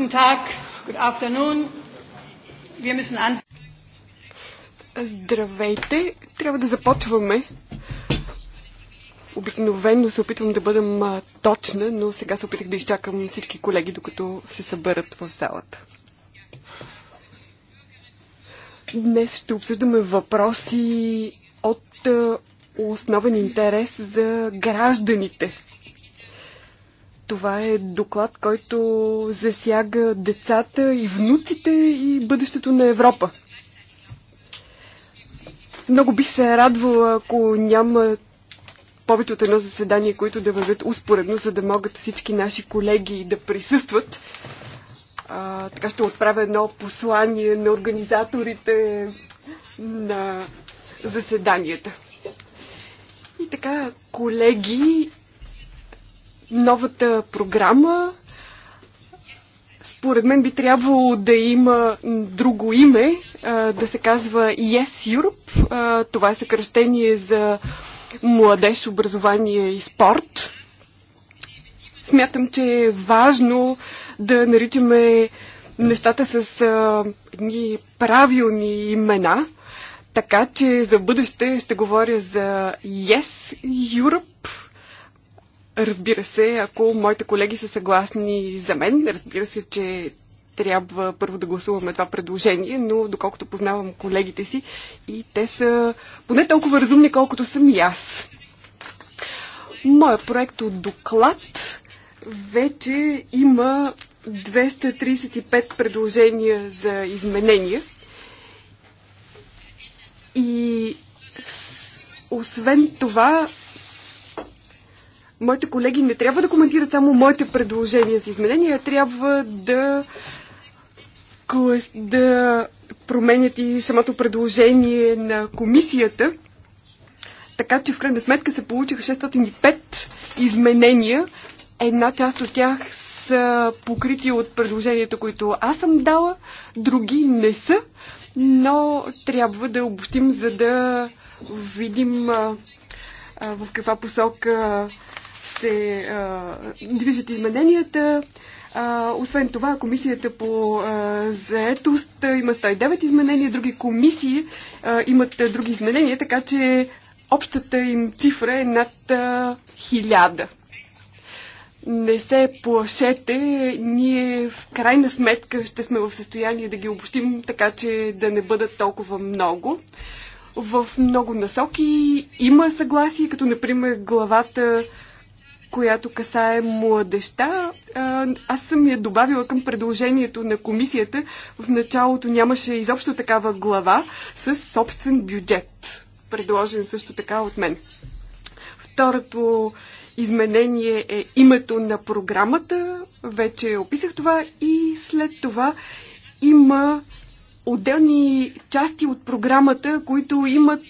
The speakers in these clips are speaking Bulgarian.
Guten Tag, good afternoon. Wir müssen an... Здравейте! Трябва да започваме. Обикновено се опитвам да бъдам а, точна, но сега се опитах да изчакам всички колеги, докато се съберат в залата. Днес ще обсъждаме въпроси от а, основен интерес за гражданите това е доклад, който засяга децата и внуците и бъдещето на Европа. Много бих се радвала, ако няма повече от едно заседание, които да вървят успоредно, за да могат всички наши колеги да присъстват. А, така ще отправя едно послание на организаторите на заседанията. И така, колеги, новата програма според мен би трябвало да има друго име, да се казва Yes Europe. Това е съкръщение за младеж, образование и спорт. Смятам, че е важно да наричаме нещата с едни правилни имена, така че за бъдеще ще говоря за Yes Europe Разбира се, ако моите колеги са съгласни за мен, разбира се, че трябва първо да гласуваме това предложение, но доколкото познавам колегите си и те са поне толкова разумни, колкото съм и аз. Моя проект от доклад вече има 235 предложения за изменения и освен това моите колеги не трябва да коментират само моите предложения за изменения, а трябва да, да променят и самото предложение на комисията. Така че в крайна сметка се получиха 605 изменения. Една част от тях са покрити от предложенията, които аз съм дала, други не са, но трябва да обобщим, за да видим в каква посока се а, движат измененията. А, освен това, комисията по а, заетост има 109 изменения, други комисии а, имат а, други изменения, така че общата им цифра е над а, 1000. Не се плашете, ние в крайна сметка ще сме в състояние да ги обобщим, така че да не бъдат толкова много в много насоки има съгласие, като например главата която касае младеща. Аз съм я добавила към предложението на комисията. В началото нямаше изобщо такава глава с собствен бюджет, предложен също така от мен. Второто изменение е името на програмата. Вече описах това и след това има отделни части от програмата, които имат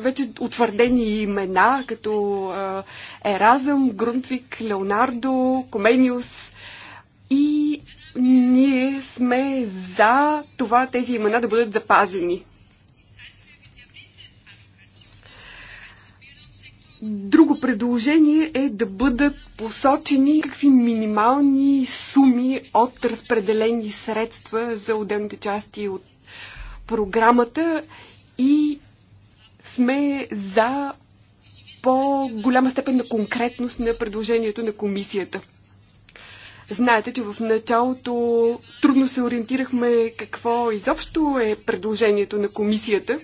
вече утвърдени имена, като Еразъм, Грунтвик, Леонардо, Комениус. И ние сме за това тези имена да бъдат запазени. Друго предложение е да бъдат посочени какви минимални суми от разпределени средства за отделните части от програмата и сме за по-голяма степен на конкретност на предложението на комисията. Знаете, че в началото трудно се ориентирахме какво изобщо е предложението на комисията.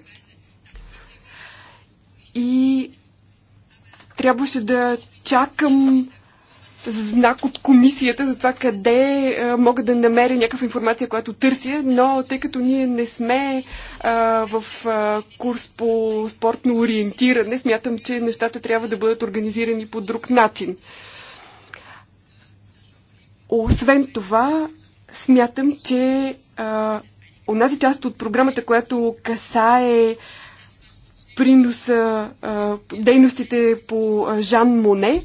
И трябваше да чакам знак от комисията за това къде а, мога да намеря някаква информация, която търся, но тъй като ние не сме а, в а, курс по спортно ориентиране, смятам, че нещата трябва да бъдат организирани по друг начин. Освен това, смятам, че а, онази част от програмата, която касае приноса, а, дейностите по Жан Моне,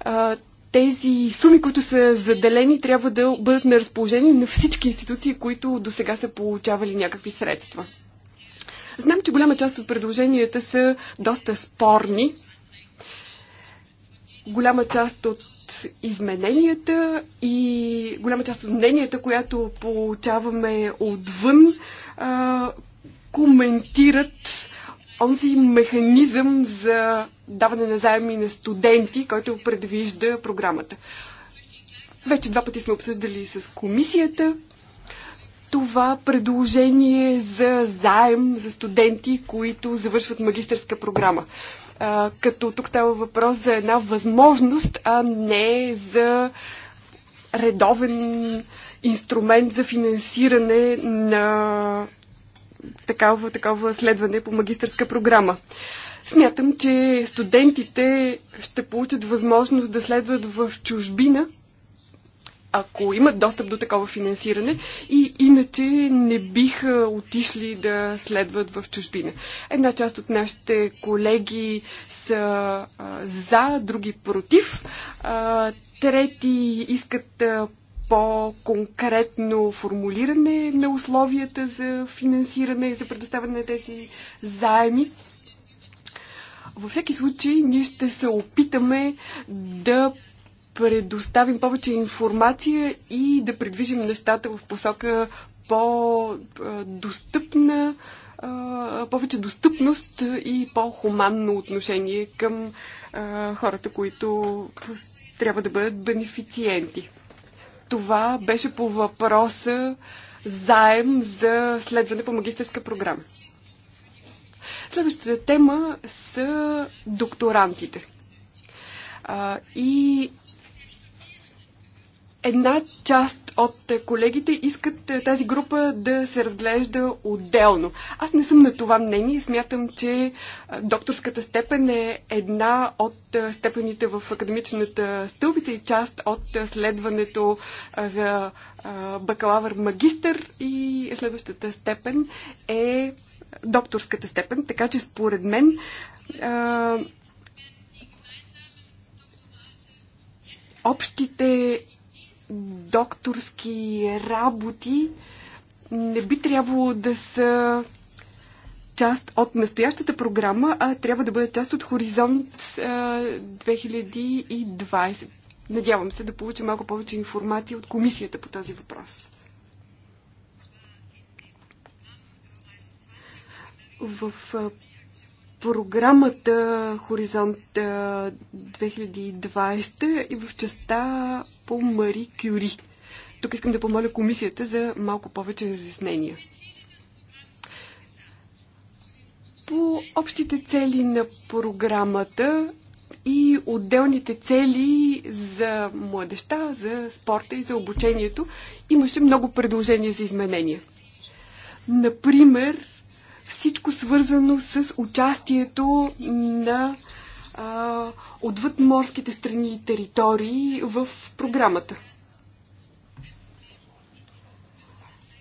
а, тези суми, които са заделени, трябва да бъдат на разположение на всички институции, които до сега са получавали някакви средства. Знам, че голяма част от предложенията са доста спорни. Голяма част от измененията и голяма част от мненията, която получаваме отвън, коментират онзи механизъм за даване на заеми на студенти, който предвижда програмата. Вече два пъти сме обсъждали с комисията това предложение за заем за студенти, които завършват магистърска програма. А, като тук става въпрос за една възможност, а не за редовен инструмент за финансиране на такава, такова следване по магистърска програма. Смятам, че студентите ще получат възможност да следват в чужбина, ако имат достъп до такова финансиране и иначе не биха отишли да следват в чужбина. Една част от нашите колеги са а, за, други против, а, трети искат а, по-конкретно формулиране на условията за финансиране и за предоставяне на тези заеми. Във всеки случай, ние ще се опитаме да предоставим повече информация и да предвижим нещата в посока по-достъпна, повече достъпност и по-хуманно отношение към хората, които трябва да бъдат бенефициенти. Това беше по въпроса заем за следване по магистерска програма. Следващата тема са докторантите. А, и Една част от колегите искат е, тази група да се разглежда отделно. Аз не съм на това мнение. Смятам, че е, докторската степен е една от е, степените в академичната стълбица и част от следването за бакалавър-магистър и следващата степен е докторската степен. Така че според мен общите докторски работи не би трябвало да са част от настоящата програма, а трябва да бъдат част от Хоризонт 2020. Надявам се да получа малко повече информация от комисията по този въпрос. В програмата Хоризонт 2020 и в частта по Мари Кюри. Тук искам да помоля комисията за малко повече разяснения. По общите цели на програмата и отделните цели за младеща, за спорта и за обучението имаше много предложения за изменения. Например, всичко свързано с участието на а, отвъд морските страни и територии в програмата.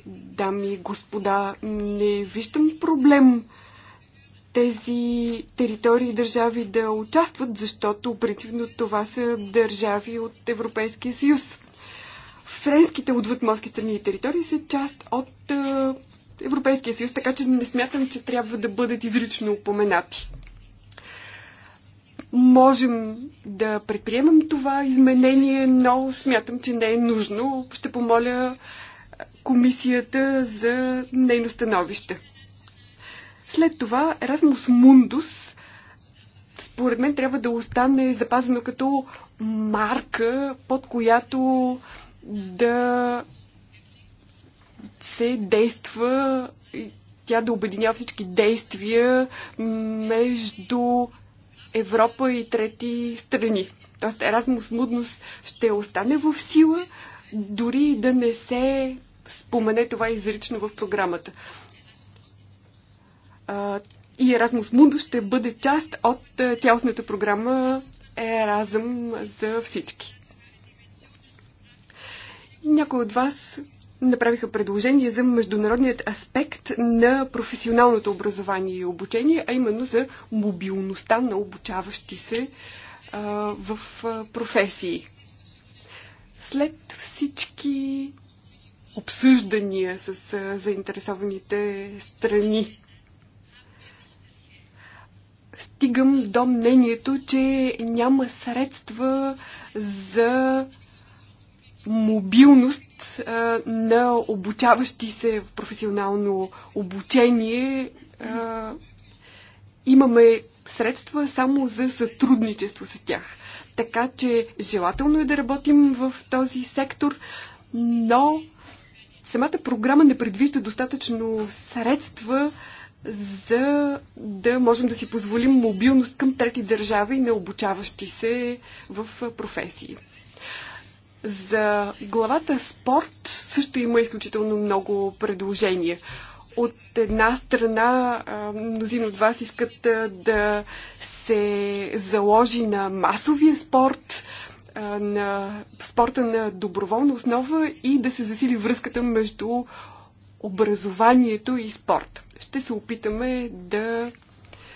Дами и господа, не виждам проблем тези територии и държави да участват, защото принципно това са държави от Европейския съюз. Френските отвъдморски страни и територии са част от е, Европейския съюз, така че не смятам, че трябва да бъдат изрично упоменати можем да предприемем това изменение, но смятам, че не е нужно. Ще помоля комисията за нейно становище. След това Erasmus Mundus според мен трябва да остане запазено като марка, под която да се действа, тя да обединява всички действия между Европа и трети страни. Тоест Еразмус Мудност ще остане в сила, дори да не се спомене това изрично в програмата. И Еразмус Мудност ще бъде част от тялостната програма Еразъм за всички. Някои от вас направиха предложение за международният аспект на професионалното образование и обучение, а именно за мобилността на обучаващи се а, в а, професии. След всички обсъждания с а, заинтересованите страни, стигам до мнението, че няма средства за мобилност а, на обучаващи се в професионално обучение. А, имаме средства само за сътрудничество с тях. Така че желателно е да работим в този сектор, но самата програма не предвижда достатъчно средства, за да можем да си позволим мобилност към трети държави на обучаващи се в професии. За главата спорт също има изключително много предложения. От една страна, мнозин от вас искат да се заложи на масовия спорт, на спорта на доброволна основа и да се засили връзката между образованието и спорт. Ще се опитаме да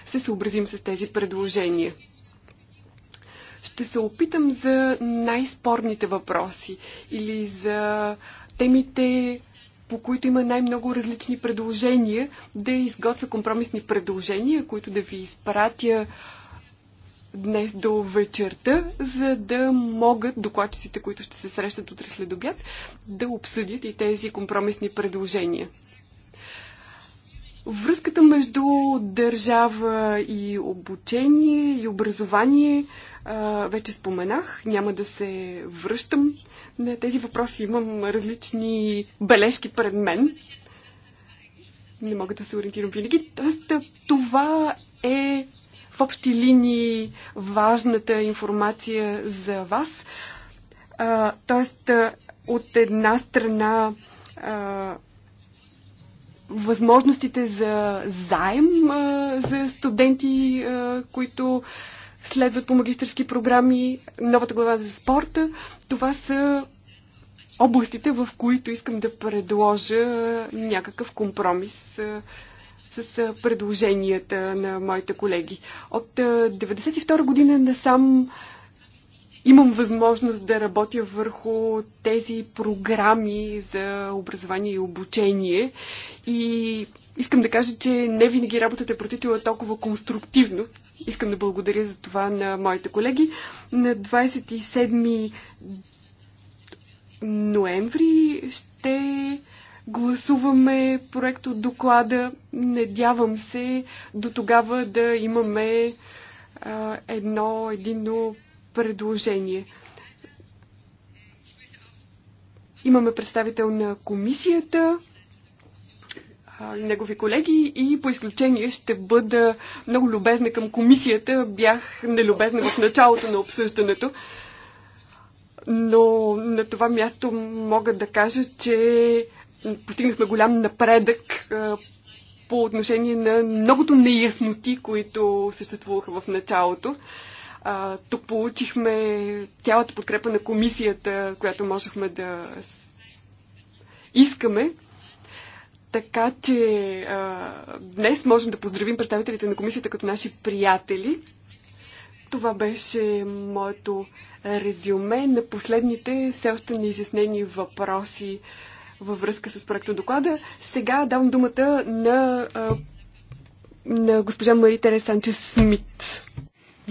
се съобразим с тези предложения. Ще се опитам за най-спорните въпроси или за темите, по които има най-много различни предложения, да изготвя компромисни предложения, които да ви изпратя днес до вечерта, за да могат докладчиците, които ще се срещат утре след обяд, да обсъдят и тези компромисни предложения. Връзката между държава и обучение и образование вече споменах, няма да се връщам на тези въпроси. Имам различни бележки пред мен. Не мога да се ориентирам винаги. Тоест, това е в общи линии важната информация за вас. Тоест, от една страна възможностите за заем а, за студенти, а, които следват по магистрски програми, новата глава за спорта. Това са областите, в които искам да предложа някакъв компромис а, с предложенията на моите колеги. От 1992 година насам сам имам възможност да работя върху тези програми за образование и обучение. И искам да кажа, че не винаги работата е протичала толкова конструктивно. Искам да благодаря за това на моите колеги. На 27 ноември ще гласуваме проект от доклада. Надявам се до тогава да имаме а, едно единно предложение. Имаме представител на комисията, негови колеги и по изключение ще бъда много любезна към комисията. Бях нелюбезна в началото на обсъждането. Но на това място мога да кажа, че постигнахме голям напредък по отношение на многото неясноти, които съществуваха в началото. А, тук получихме цялата подкрепа на комисията, която можехме да искаме. Така че а, днес можем да поздравим представителите на комисията като наши приятели. Това беше моето резюме на последните все още неизяснени въпроси във връзка с проекта доклада. Сега давам думата на, а, на госпожа Мари Терес Санчес Смит.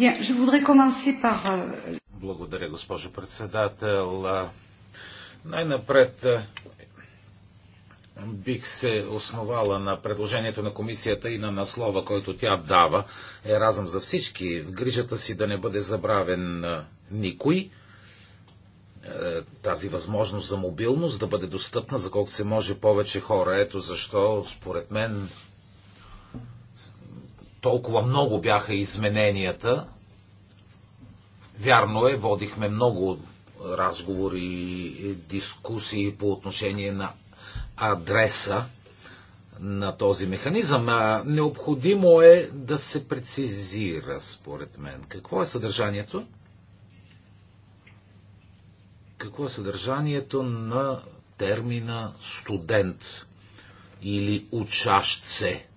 Euh, Благодаря, госпожо председател. Най-напред бих се основала на предложението на комисията и на наслова, който тя дава. Е разъм за всички. В грижата си да не бъде забравен никой. Е, тази възможност за мобилност да бъде достъпна за колкото се може повече хора. Ето защо, според мен, толкова много бяха измененията. Вярно е, водихме много разговори и дискусии по отношение на адреса на този механизъм. а Необходимо е да се прецизира, според мен. Какво е съдържанието? Какво е съдържанието на термина студент или учащ се?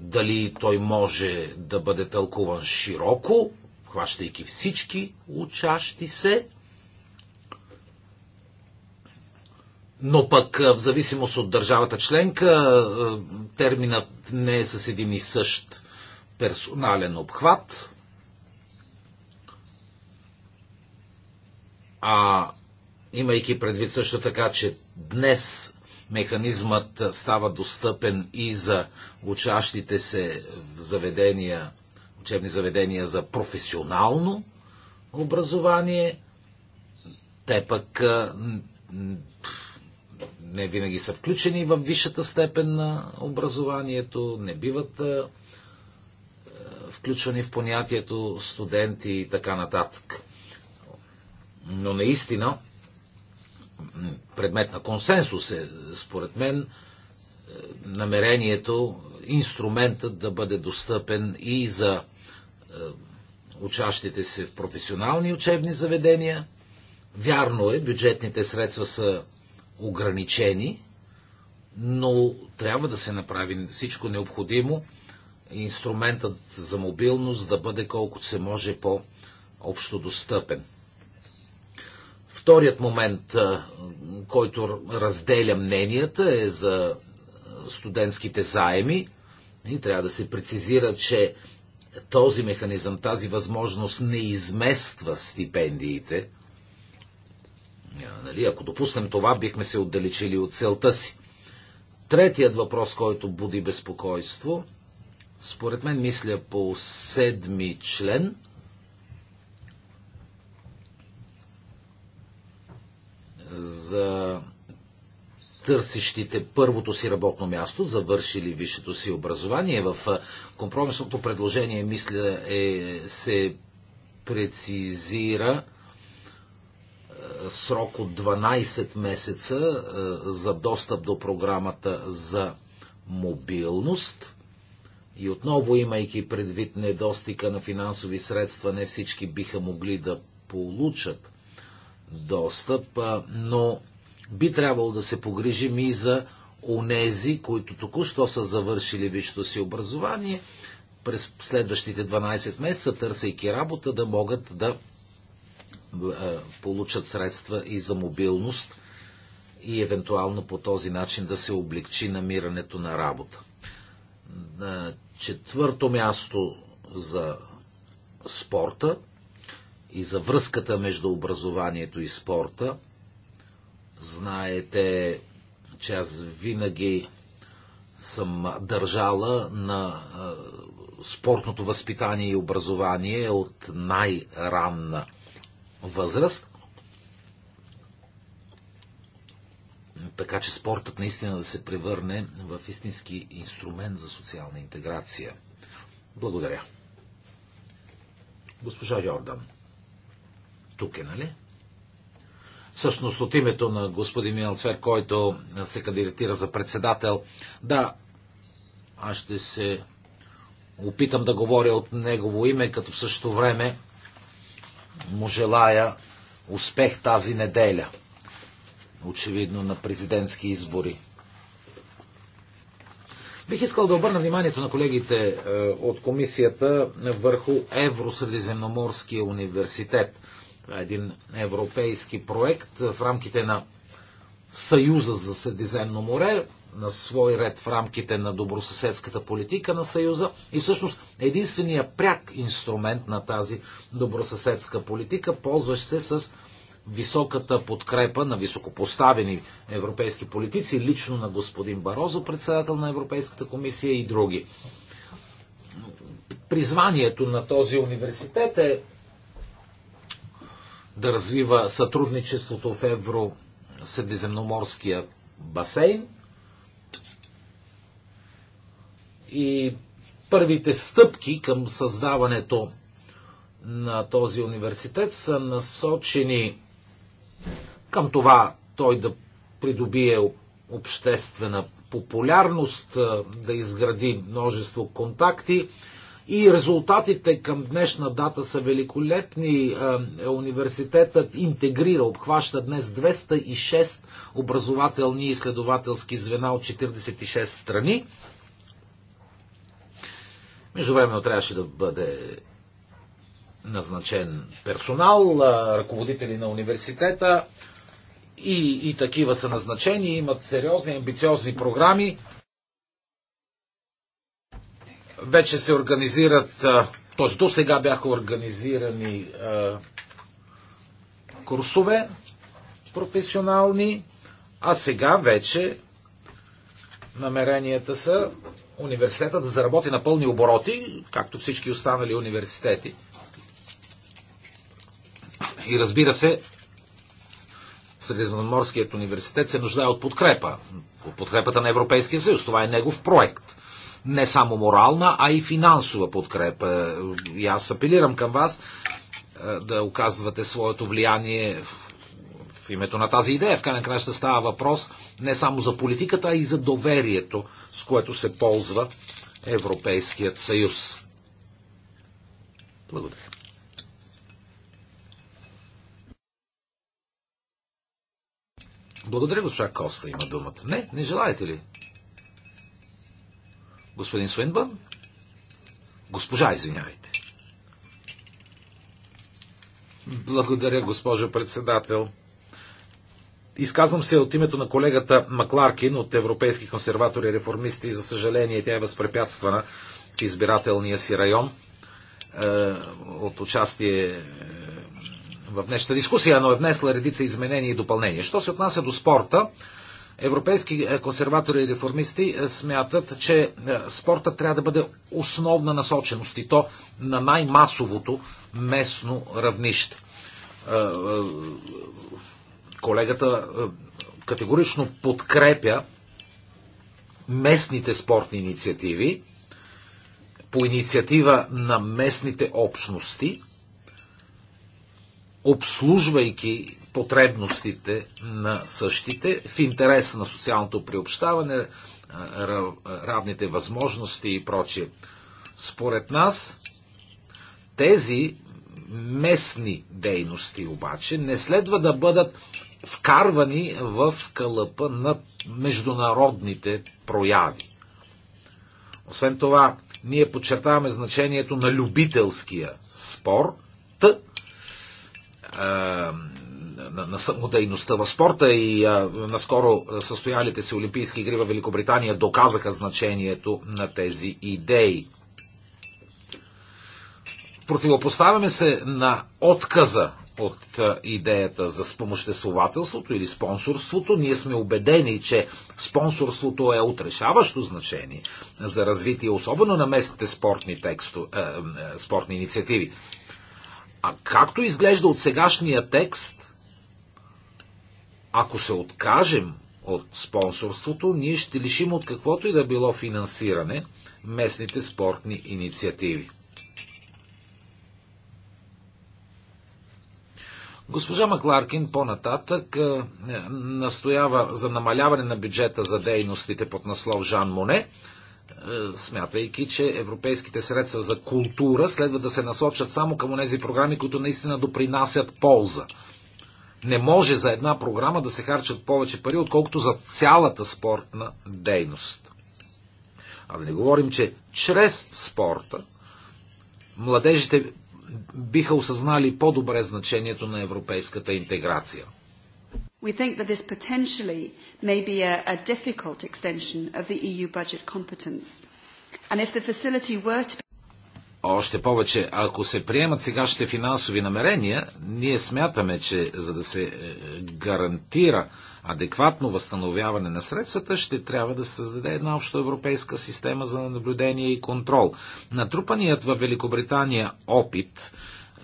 дали той може да бъде тълкуван широко, хващайки всички учащи се, но пък в зависимост от държавата членка терминът не е с един и същ персонален обхват, а имайки предвид също така, че днес Механизмът става достъпен и за учащите се в заведения, учебни заведения за професионално образование. Те пък не винаги са включени в висшата степен на образованието, не биват включвани в понятието студенти и така нататък. Но наистина предмет на консенсус е, според мен, е, намерението, инструментът да бъде достъпен и за е, учащите се в професионални учебни заведения. Вярно е, бюджетните средства са ограничени, но трябва да се направи всичко необходимо инструментът за мобилност да бъде колкото се може по-общо достъпен. Вторият момент, който разделя мненията, е за студентските заеми. И трябва да се прецизира, че този механизъм, тази възможност не измества стипендиите. Нали, ако допуснем това, бихме се отдалечили от целта си. Третият въпрос, който буди безпокойство, според мен мисля по седми член – за търсещите първото си работно място, завършили висшето си образование. В компромисното предложение, мисля, е, се прецизира срок от 12 месеца за достъп до програмата за мобилност. И отново, имайки предвид недостига на финансови средства, не всички биха могли да получат достъп, но би трябвало да се погрижим и за онези, които току-що са завършили висшето си образование, през следващите 12 месеца, търсейки работа, да могат да получат средства и за мобилност и евентуално по този начин да се облегчи намирането на работа. На четвърто място за спорта и за връзката между образованието и спорта. Знаете, че аз винаги съм държала на спортното възпитание и образование от най-ранна възраст. Така че спортът наистина да се превърне в истински инструмент за социална интеграция. Благодаря. Госпожа Йордан. Тук е, нали? Всъщност от името на господин Милцвер, който се кандидатира за председател, да, аз ще се опитам да говоря от негово име, като в същото време му желая успех тази неделя. Очевидно на президентски избори. Бих искал да обърна вниманието на колегите е, от комисията върху Евросредиземноморския университет – това е един европейски проект в рамките на Съюза за Средиземно море, на свой ред в рамките на добросъседската политика на Съюза и всъщност единствения пряк инструмент на тази добросъседска политика, ползващ се с високата подкрепа на високопоставени европейски политици, лично на господин Барозо, председател на Европейската комисия и други. Призванието на този университет е да развива сътрудничеството в Евро-Средиземноморския басейн. И първите стъпки към създаването на този университет са насочени към това той да придобие обществена популярност, да изгради множество контакти и резултатите към днешна дата са великолепни. Е, е, университетът интегрира, обхваща днес 206 образователни и изследователски звена от 46 страни. Междувременно трябваше да бъде назначен персонал, е, ръководители на университета и, и такива са назначени, имат сериозни, амбициозни програми вече се организират, т.е. до сега бяха организирани курсове професионални, а сега вече намеренията са университета да заработи на пълни обороти, както всички останали университети. И разбира се, Средиземноморският университет се нуждае от подкрепа. От подкрепата на Европейския съюз. Това е негов проект не само морална, а и финансова подкрепа. И аз апелирам към вас е, да оказвате своето влияние в името на тази идея. В крайна края ще става въпрос не само за политиката, а и за доверието, с което се ползва Европейският съюз. Благодаря. Благодаря, госпожа Коста има думата. Не, не желаете ли? Господин Свинбън? Госпожа, извинявайте. Благодаря, госпожо председател. Изказвам се от името на колегата Макларкин от Европейски консерватори и реформисти. За съжаление, тя е възпрепятствана в избирателния си район е, от участие е, в днешната дискусия, но е внесла редица изменения и допълнения. Що се отнася до спорта, Европейски е, консерватори и реформисти е, смятат, че е, спорта трябва да бъде основна насоченост и то на най-масовото местно равнище. Колегата категорично подкрепя местните спортни инициативи по инициатива на местните общности, обслужвайки потребностите на същите в интерес на социалното приобщаване, равните възможности и прочие. Според нас тези местни дейности обаче не следва да бъдат вкарвани в кълъпа на международните прояви. Освен това, ние подчертаваме значението на любителския спор, на, на самодейността в спорта и а, наскоро състоялите се Олимпийски игри в Великобритания доказаха значението на тези идеи. Противопоставяме се на отказа от идеята за спомоществователството или спонсорството. Ние сме убедени, че спонсорството е отрешаващо значение за развитие, особено на местните спортни, тексто, е, спортни инициативи. А както изглежда от сегашния текст, ако се откажем от спонсорството, ние ще лишим от каквото и да било финансиране местните спортни инициативи. Госпожа Макларкин по-нататък е, настоява за намаляване на бюджета за дейностите под наслов Жан Моне, е, смятайки, че европейските средства за култура следва да се насочат само към тези програми, които наистина допринасят полза не може за една програма да се харчат повече пари, отколкото за цялата спортна дейност. А да не говорим, че чрез спорта младежите биха осъзнали по-добре значението на европейската интеграция. We think that this potentially may be a, a difficult extension of the EU budget competence. And if the facility were to be... Още повече, ако се приемат сегашните финансови намерения, ние смятаме, че за да се е, е, гарантира адекватно възстановяване на средствата, ще трябва да се създаде една общо европейска система за наблюдение и контрол. Натрупаният във Великобритания опит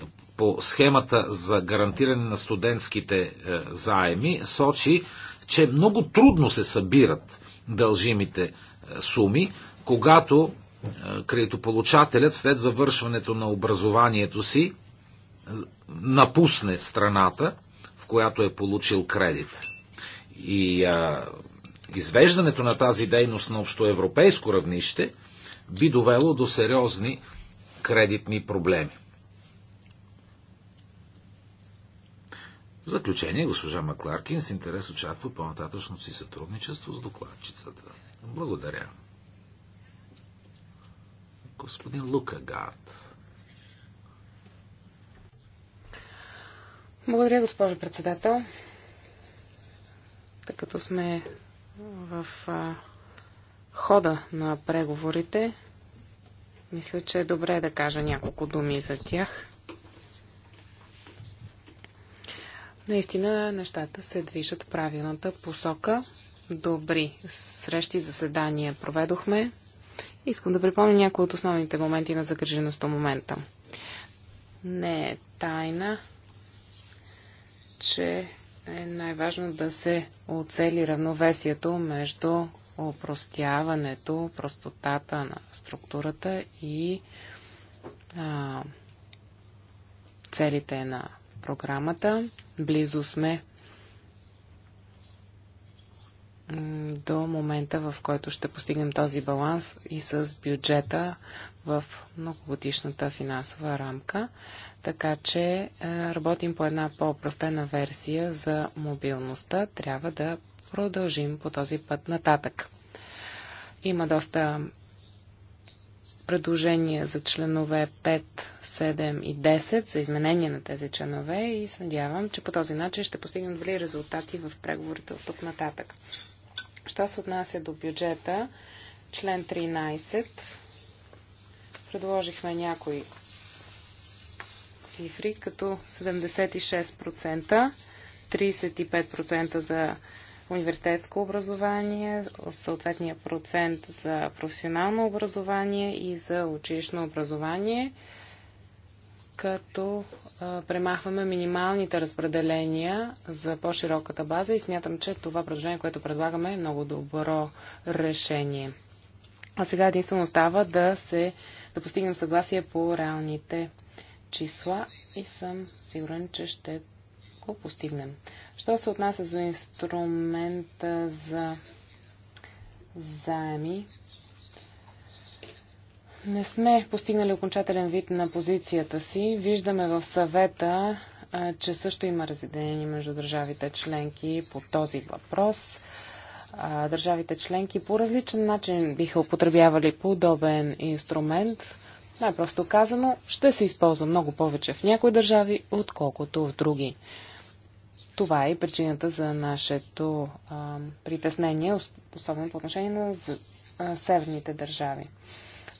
е, по схемата за гарантиране на студентските заеми сочи, че много трудно се събират дължимите суми, когато кредитополучателят след завършването на образованието си напусне страната, в която е получил кредит. И а, извеждането на тази дейност на общоевропейско равнище би довело до сериозни кредитни проблеми. В заключение, госпожа Макларкин с интерес очаква по-нататъчното си сътрудничество с докладчицата. Благодаря. Господин Лукагард. Благодаря, госпожо председател. Тъй като сме в а, хода на преговорите, мисля, че е добре да кажа няколко думи за тях. Наистина нещата се движат в правилната посока. Добри срещи, заседания проведохме. Искам да припомня някои от основните моменти на загриженост до момента. Не е тайна, че е най-важно да се оцели равновесието между опростяването, простотата на структурата и а, целите на програмата. Близо сме до момента, в който ще постигнем този баланс и с бюджета в многогодишната финансова рамка. Така че е, работим по една по-простена версия за мобилността. Трябва да продължим по този път нататък. Има доста предложения за членове 5, 7 и 10 за изменение на тези членове и се надявам, че по този начин ще постигнем добри резултати в преговорите от тук нататък. Що се отнася до бюджета, член 13, предложихме някои цифри, като 76%, 35% за университетско образование, съответния процент за професионално образование и за училищно образование – като а, премахваме минималните разпределения за по-широката база и смятам, че това предложение, което предлагаме е много добро решение. А сега единствено остава да се да постигнем съгласие по реалните числа и съм сигурен, че ще го постигнем. Що се отнася за инструмента за заеми, не сме постигнали окончателен вид на позицията си. Виждаме в съвета, че също има разединение между държавите членки по този въпрос. държавите членки по различен начин биха употребявали подобен инструмент. Най-просто казано, ще се използва много повече в някои държави, отколкото в други. Това е причината за нашето а, притеснение, особено по отношение на а, северните държави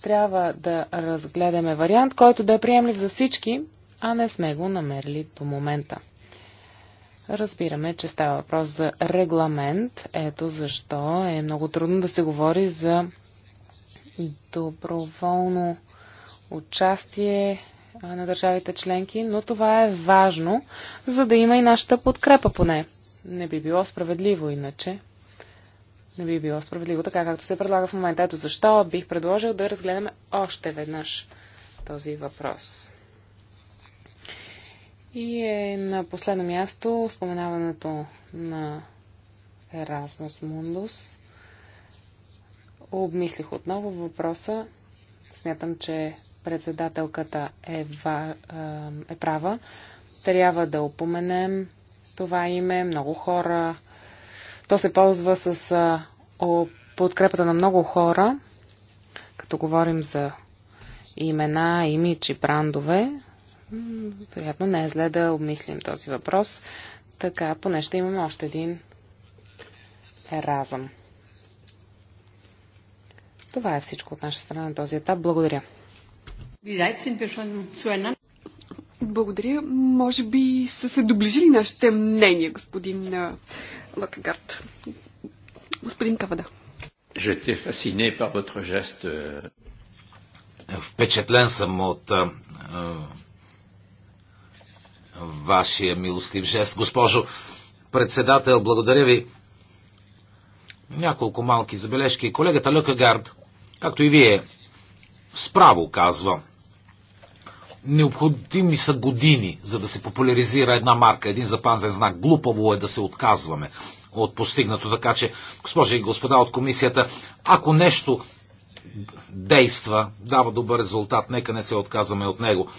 трябва да разгледаме вариант, който да е приемлив за всички, а не сме го намерили до момента. Разбираме, че става въпрос за регламент. Ето защо е много трудно да се говори за доброволно участие на държавите членки, но това е важно, за да има и нашата подкрепа поне. Не би било справедливо иначе не би било справедливо, така както се предлага в момента. Ето защо бих предложил да разгледаме още веднъж този въпрос. И е на последно място споменаването на Erasmus Mundus. Обмислих отново въпроса. Смятам, че председателката е, ва, е, е права. Трябва да упоменем това име. Много хора то се ползва с а, о, подкрепата на много хора, като говорим за имена, имидж и брандове. Вероятно не е зле да обмислим този въпрос. Така, поне ще имаме още един еразъм. Това е всичко от наша страна на този етап. Благодаря. Благодаря. Може би са се доближили нашите мнения, господин Лъкегард. Господин Кавада. Впечатлен съм от а, а, вашия милостив жест. Госпожо председател, благодаря ви. Няколко малки забележки. Колегата Лъкагард, както и вие, справо казва – Необходими са години, за да се популяризира една марка, един запазен знак. Глупаво е да се отказваме от постигнато. Така че, госпожи и господа от комисията, ако нещо действа, дава добър резултат, нека не се отказваме от него.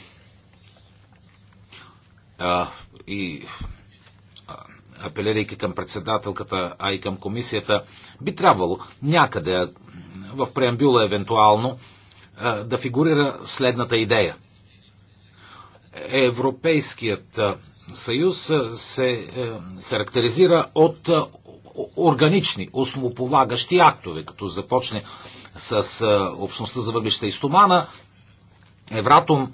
А, и апелирайки към председателката, а и към комисията, би трябвало някъде в преамбюла евентуално да фигурира следната идея. Европейският съюз се е, характеризира от органични, основополагащи актове, като започне с Общността за въглища и стомана, Евратум,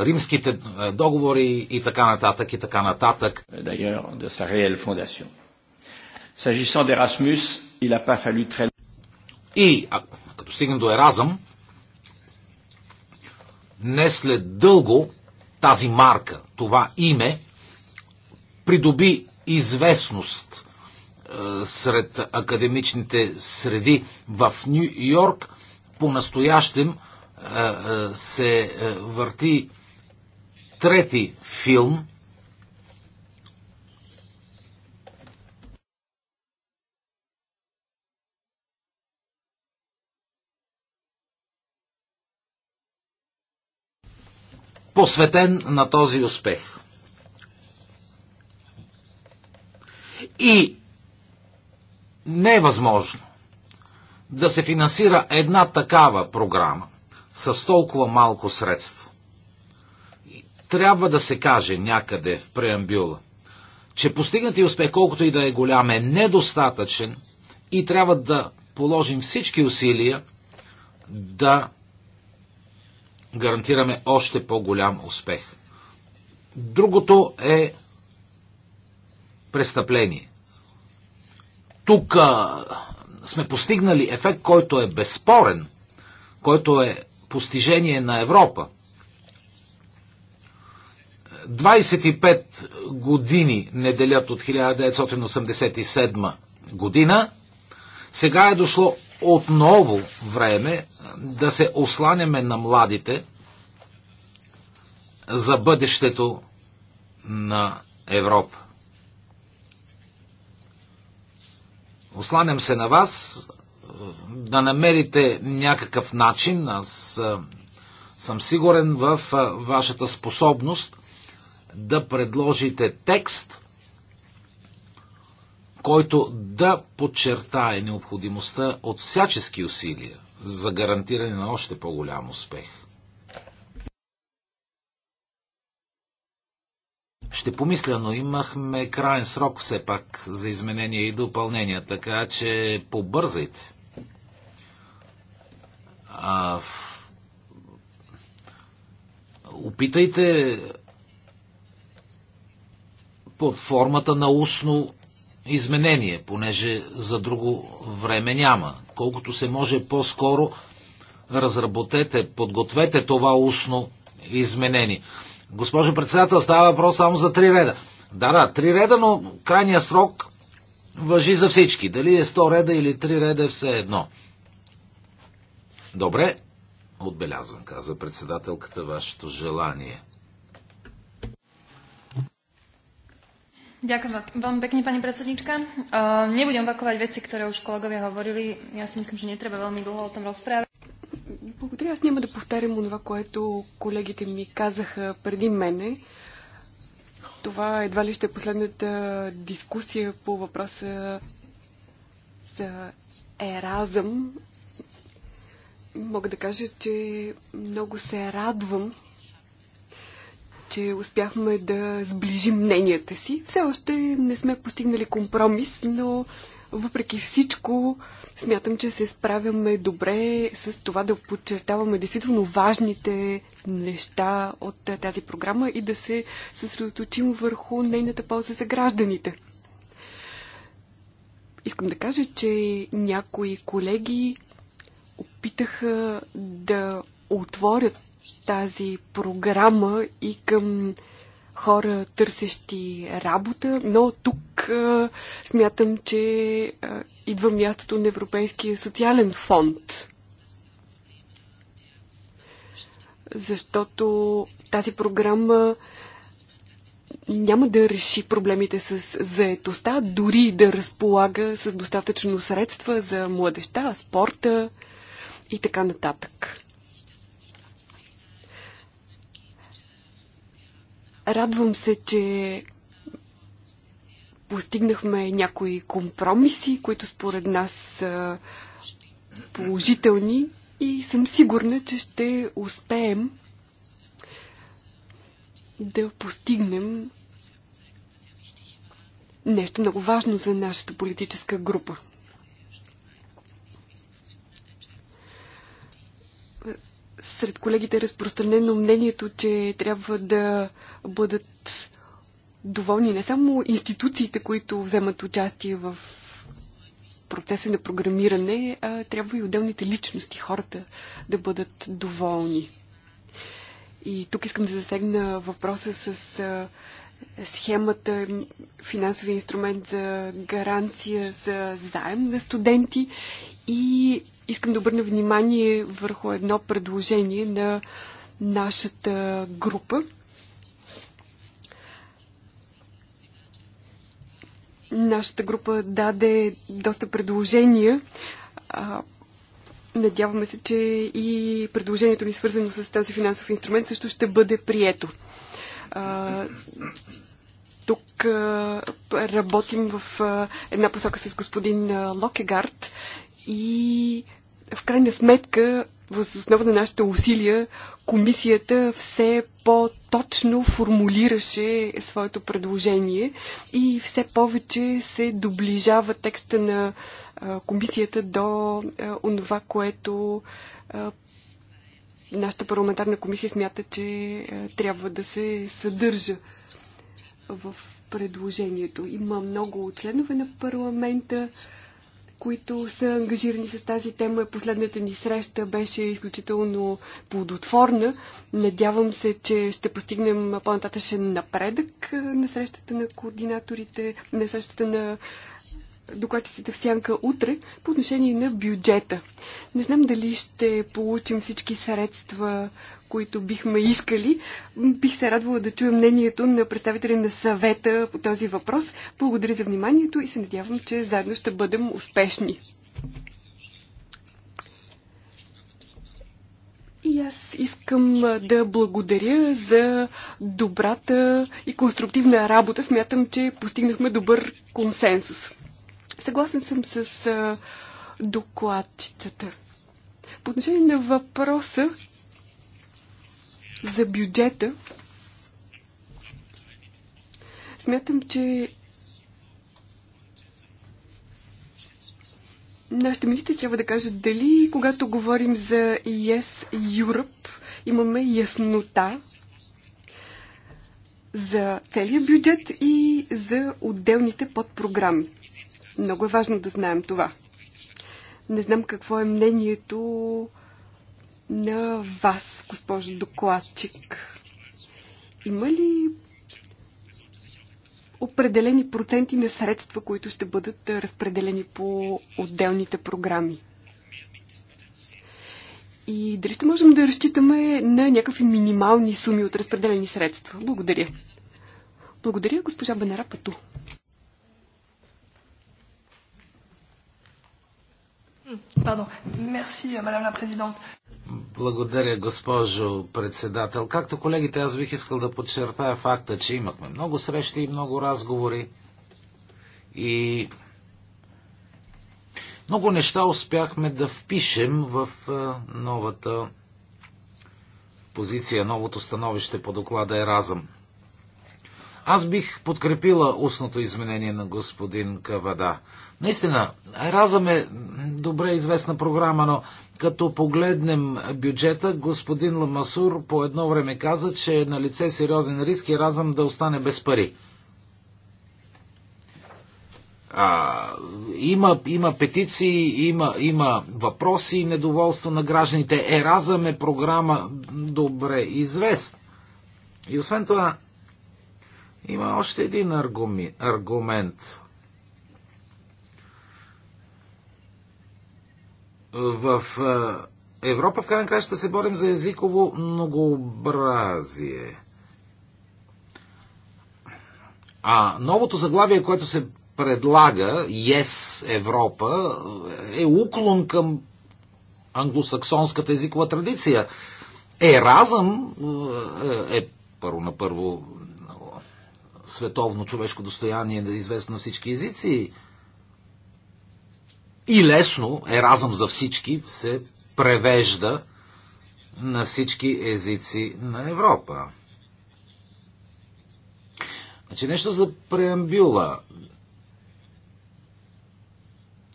римските договори и така нататък и така нататък. И а, като стигнем до Еразъм, не след дълго тази марка, това име, придоби известност е, сред академичните среди в Нью Йорк. По-настоящем е, е, се е, върти трети филм посветен на този успех. И не е възможно да се финансира една такава програма с толкова малко средства. И трябва да се каже някъде в преамбюла, че постигнати успех, колкото и да е голям, е недостатъчен и трябва да положим всички усилия да гарантираме още по-голям успех. Другото е престъпление. Тук сме постигнали ефект, който е безспорен, който е постижение на Европа. 25 години не делят от 1987 година. Сега е дошло отново време да се осланяме на младите за бъдещето на Европа. Осланям се на вас е, да намерите някакъв начин. Аз е, съм сигурен в е, вашата способност да предложите текст, който да подчертае необходимостта от всячески усилия за гарантиране на още по-голям успех. Ще помисля, но имахме крайен срок все пак за изменения и допълнения, така че побързайте. А, опитайте под формата на устно изменение, понеже за друго време няма. Колкото се може по-скоро разработете, подгответе това устно изменение. Госпожо председател, става въпрос само за три реда. Да, да, три реда, но крайния срок въжи за всички. Дали е 100 реда или 3 реда е все едно. Добре, отбелязвам, каза председателката, вашето желание. Ďakujem veľmi pekne, pani predsednička. Ehm, nebudem opakovať veci, ktoré už kolegovia hovorili. Ja si myslím, že netreba veľmi dlho o tom rozprávať. Благодаря. Аз няма да повтарям това, което колегите ми казаха преди мене. Това едва ли ще е последната дискусия по въпроса за еразъм. Мога да кажа, че много се радвам, че успяхме да сближим мненията си. Все още не сме постигнали компромис, но въпреки всичко смятам, че се справяме добре с това да подчертаваме действително важните неща от тази програма и да се съсредоточим върху нейната полза за гражданите. Искам да кажа, че някои колеги опитаха да отворят тази програма и към хора, търсещи работа, но тук а, смятам, че а, идва мястото на Европейския социален фонд. Защото тази програма няма да реши проблемите с заетостта, дори да разполага с достатъчно средства за младеща, спорта и така нататък. Радвам се, че постигнахме някои компромиси, които според нас са положителни и съм сигурна, че ще успеем да постигнем нещо много важно за нашата политическа група. сред колегите е разпространено мнението, че трябва да бъдат доволни не само институциите, които вземат участие в процеса на програмиране, а трябва и отделните личности, хората да бъдат доволни. И тук искам да засегна въпроса с схемата, финансовия инструмент за гаранция за заем на студенти и искам да обърна внимание върху едно предложение на нашата група. Нашата група даде доста предложения. Надяваме се, че и предложението ни свързано с този финансов инструмент също ще бъде прието. тук работим в една посока с господин Локегард и в крайна сметка, въз основа на нашите усилия, комисията все по-точно формулираше своето предложение и все повече се доближава текста на комисията до онова, което нашата парламентарна комисия смята, че трябва да се съдържа в предложението. Има много членове на парламента, които са ангажирани с тази тема. Последната ни среща беше изключително плодотворна. Надявам се, че ще постигнем по-нататъчен напредък на срещата на координаторите, на срещата на докладчиците в сянка утре по отношение на бюджета. Не знам дали ще получим всички средства, които бихме искали. Бих се радвала да чуя мнението на представители на съвета по този въпрос. Благодаря за вниманието и се надявам, че заедно ще бъдем успешни. И аз искам да благодаря за добрата и конструктивна работа. Смятам, че постигнахме добър консенсус. Съгласен съм с докладчетата. По отношение на въпроса за бюджета смятам, че нашите министри трябва да кажат дали, когато говорим за Yes Europe, имаме яснота за целия бюджет и за отделните подпрограми. Много е важно да знаем това. Не знам какво е мнението на вас, госпожо докладчик. Има ли определени проценти на средства, които ще бъдат разпределени по отделните програми? И дали ще можем да разчитаме на някакви минимални суми от разпределени средства? Благодаря. Благодаря, госпожа Бенера Пату. Pardon. Merci, Madame la Présidente. Благодаря, госпожо председател. Както колегите, аз бих искал да подчертая факта, че имахме много срещи и много разговори. И много неща успяхме да впишем в новата позиция, новото становище по доклада Еразъм. Аз бих подкрепила устното изменение на господин Кавада. Наистина, разъм е добре известна програма, но като погледнем бюджета, господин Ламасур по едно време каза, че е на лице сериозен риск и разъм да остане без пари. А, има, има петиции, има, има въпроси и недоволство на гражданите. Еразъм е програма добре известна. И освен това, има още един аргумент. В Европа в крайна края ще се борим за езиково многообразие. А новото заглавие, което се предлага, ЕС yes, Европа, е уклон към англосаксонската езикова традиция. Еразъм е, е, е първо на първо световно човешко достояние, е известно на всички езици. И лесно, еразъм за всички, се превежда на всички езици на Европа. Значи нещо за преамбюла.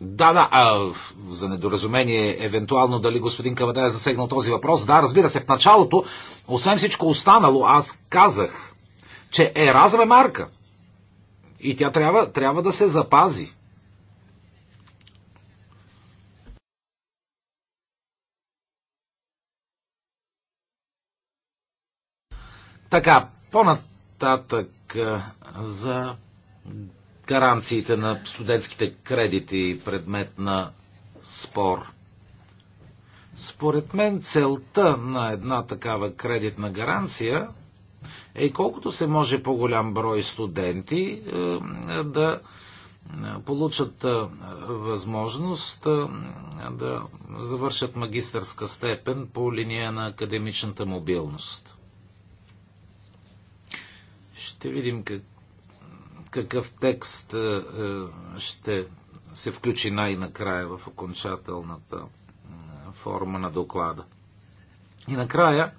Да, да, а, за недоразумение, евентуално дали господин Кавадай е засегнал този въпрос. Да, разбира се, в началото, освен всичко останало, аз казах, че е разве марка. И тя трябва, трябва да се запази. Така, по-нататък за гаранциите на студентските кредити предмет на спор. Според мен целта на една такава кредитна гаранция е колкото се може по-голям брой студенти е, е, да е, получат възможност да завършат магистърска степен по линия на академичната мобилност. Ще видим как, какъв текст ще се включи най-накрая в окончателната форма на доклада. И накрая,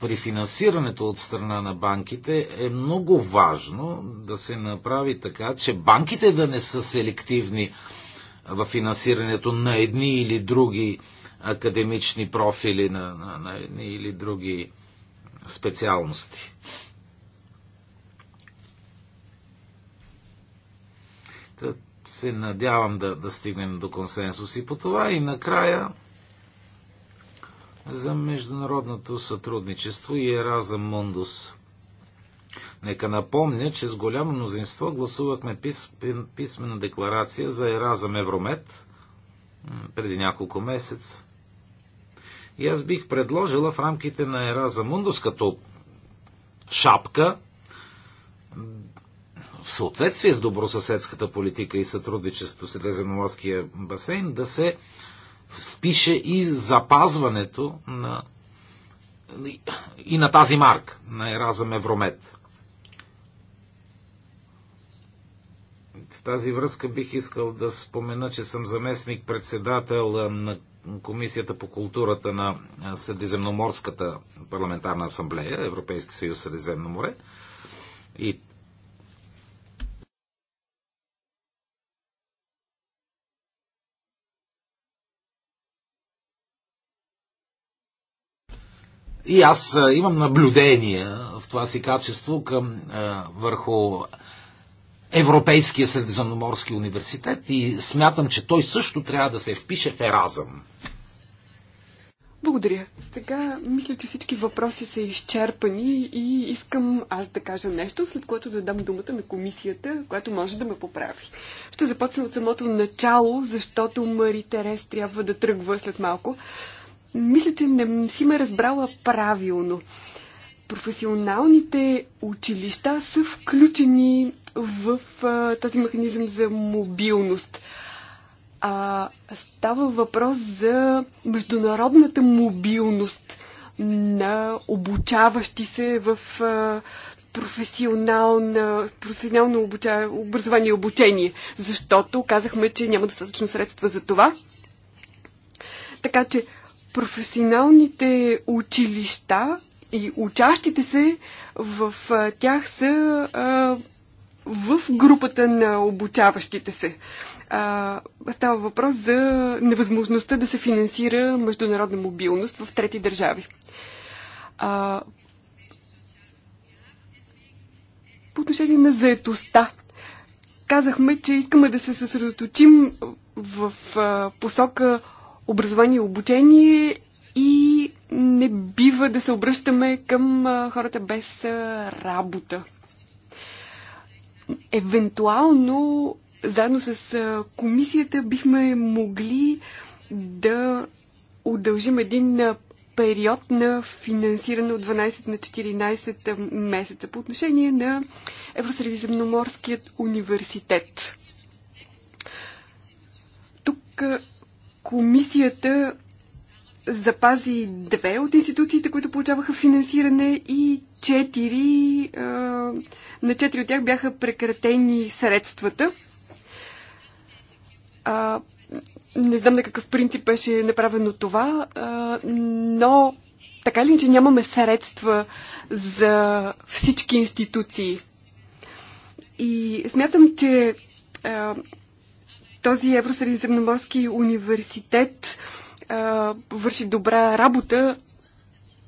при финансирането от страна на банките е много важно да се направи така, че банките да не са селективни в финансирането на едни или други академични профили, на, на, на едни или други специалности. Та се надявам да, да стигнем до консенсус и по това. И накрая за международното сътрудничество и Еразъм Мундус. Нека напомня, че с голямо мнозинство гласувахме писмена декларация за Еразъм Евромет преди няколко месец. И аз бих предложила в рамките на Ераза Мундус като шапка в съответствие с добросъседската политика и сътрудничество с Средиземноморския басейн да се впише и запазването на и на тази марка, на Еразъм Евромет. В тази връзка бих искал да спомена, че съм заместник председател на Комисията по културата на Средиземноморската парламентарна асамблея, Европейски съюз Средиземно море. И И аз имам наблюдение в това си качество към, върху Европейския средиземноморски университет и смятам, че той също трябва да се впише в Еразъм. Благодаря. Сега мисля, че всички въпроси са изчерпани и искам аз да кажа нещо, след което да дам думата на комисията, която може да ме поправи. Ще започна от самото начало, защото Мари Терес трябва да тръгва след малко. Мисля, че не си ме разбрала правилно. Професионалните училища са включени в а, този механизъм за мобилност. А, става въпрос за международната мобилност на обучаващи се в а, професионална, професионално обуча, образование и обучение, защото казахме, че няма достатъчно средства за това. Така че професионалните училища и учащите се в тях са а, в групата на обучаващите се. А, става въпрос за невъзможността да се финансира международна мобилност в трети държави. А, по отношение на заетостта, казахме, че искаме да се съсредоточим в а, посока образование и обучение и не бива да се обръщаме към хората без работа. Евентуално, заедно с комисията, бихме могли да удължим един период на финансиране от 12 на 14 месеца по отношение на Евросредиземноморският университет. Тук Комисията запази две от институциите, които получаваха финансиране и четири, а, на четири от тях бяха прекратени средствата. А, не знам на какъв принцип беше направено това, а, но така ли, че нямаме средства за всички институции? И смятам, че този Евросредиземноморски университет а, върши добра работа.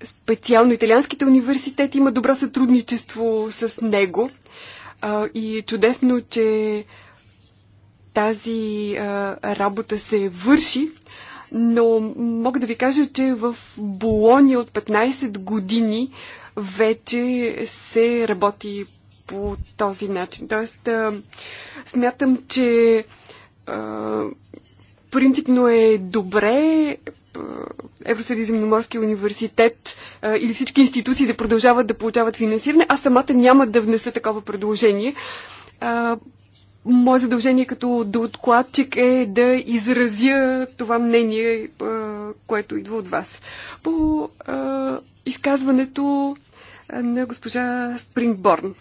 Специално италианските университети има добро сътрудничество с него. А, и е чудесно, че тази а, работа се върши. Но мога да ви кажа, че в Болония от 15 години вече се работи по този начин. Тоест, смятам, че принципно е добре Евросредиземноморския университет а, или всички институции да продължават да получават финансиране, а самата няма да внеса такова предложение. А, мое задължение като докладчик е да изразя това мнение, а, което идва от вас. По а, изказването на госпожа Спрингборн.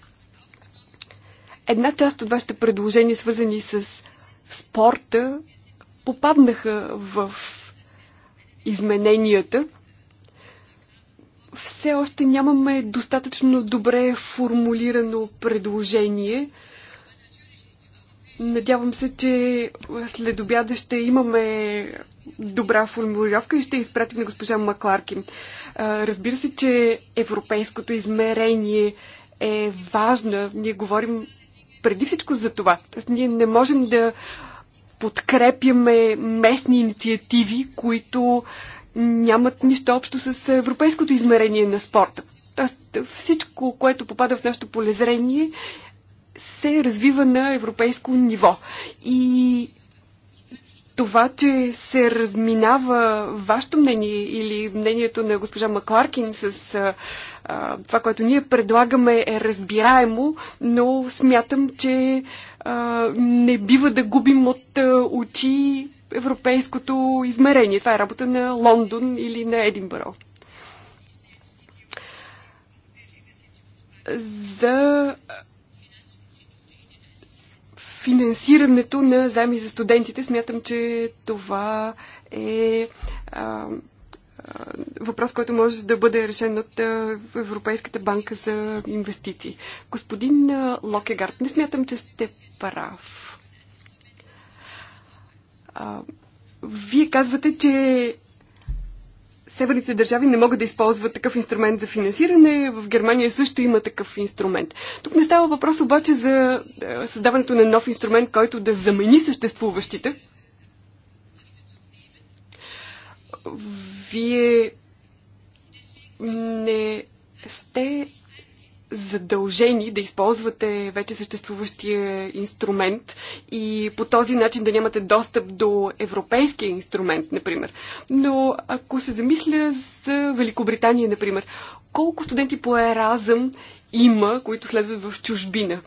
Една част от вашите предложения, свързани с спорта попаднаха в измененията. Все още нямаме достатъчно добре формулирано предложение. Надявам се, че след обяда ще имаме добра формулировка и ще изпратим на госпожа Макларкин. Разбира се, че европейското измерение е важна. Ние говорим преди всичко за това. Тоест, ние не можем да подкрепяме местни инициативи, които нямат нищо общо с европейското измерение на спорта. Тоест, всичко, което попада в нашето полезрение, се развива на европейско ниво. И това, че се разминава вашето мнение или мнението на госпожа Макларкин с това, което ние предлагаме е разбираемо, но смятам, че а, не бива да губим от а, очи европейското измерение. Това е работа на Лондон или на Единбъро. За финансирането на заеми за студентите, смятам, че това е а, въпрос, който може да бъде решен от Европейската банка за инвестиции. Господин Локегард, не смятам, че сте прав. Вие казвате, че северните държави не могат да използват такъв инструмент за финансиране. В Германия също има такъв инструмент. Тук не става въпрос обаче за създаването на нов инструмент, който да замени съществуващите вие не сте задължени да използвате вече съществуващия инструмент и по този начин да нямате достъп до европейския инструмент, например. Но ако се замисля за Великобритания, например, колко студенти по Еразъм има, които следват в чужбина?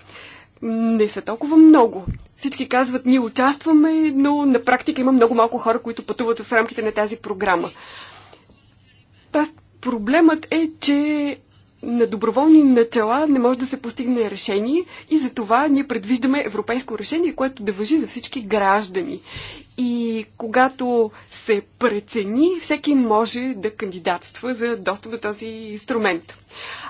Не са толкова много. Всички казват, ние участваме, но на практика има много малко хора, които пътуват в рамките на тази програма. Тоест, проблемът е, че на доброволни начала не може да се постигне решение и за това ние предвиждаме европейско решение, което да въжи за всички граждани. И когато се прецени, всеки може да кандидатства за достъп до този инструмент.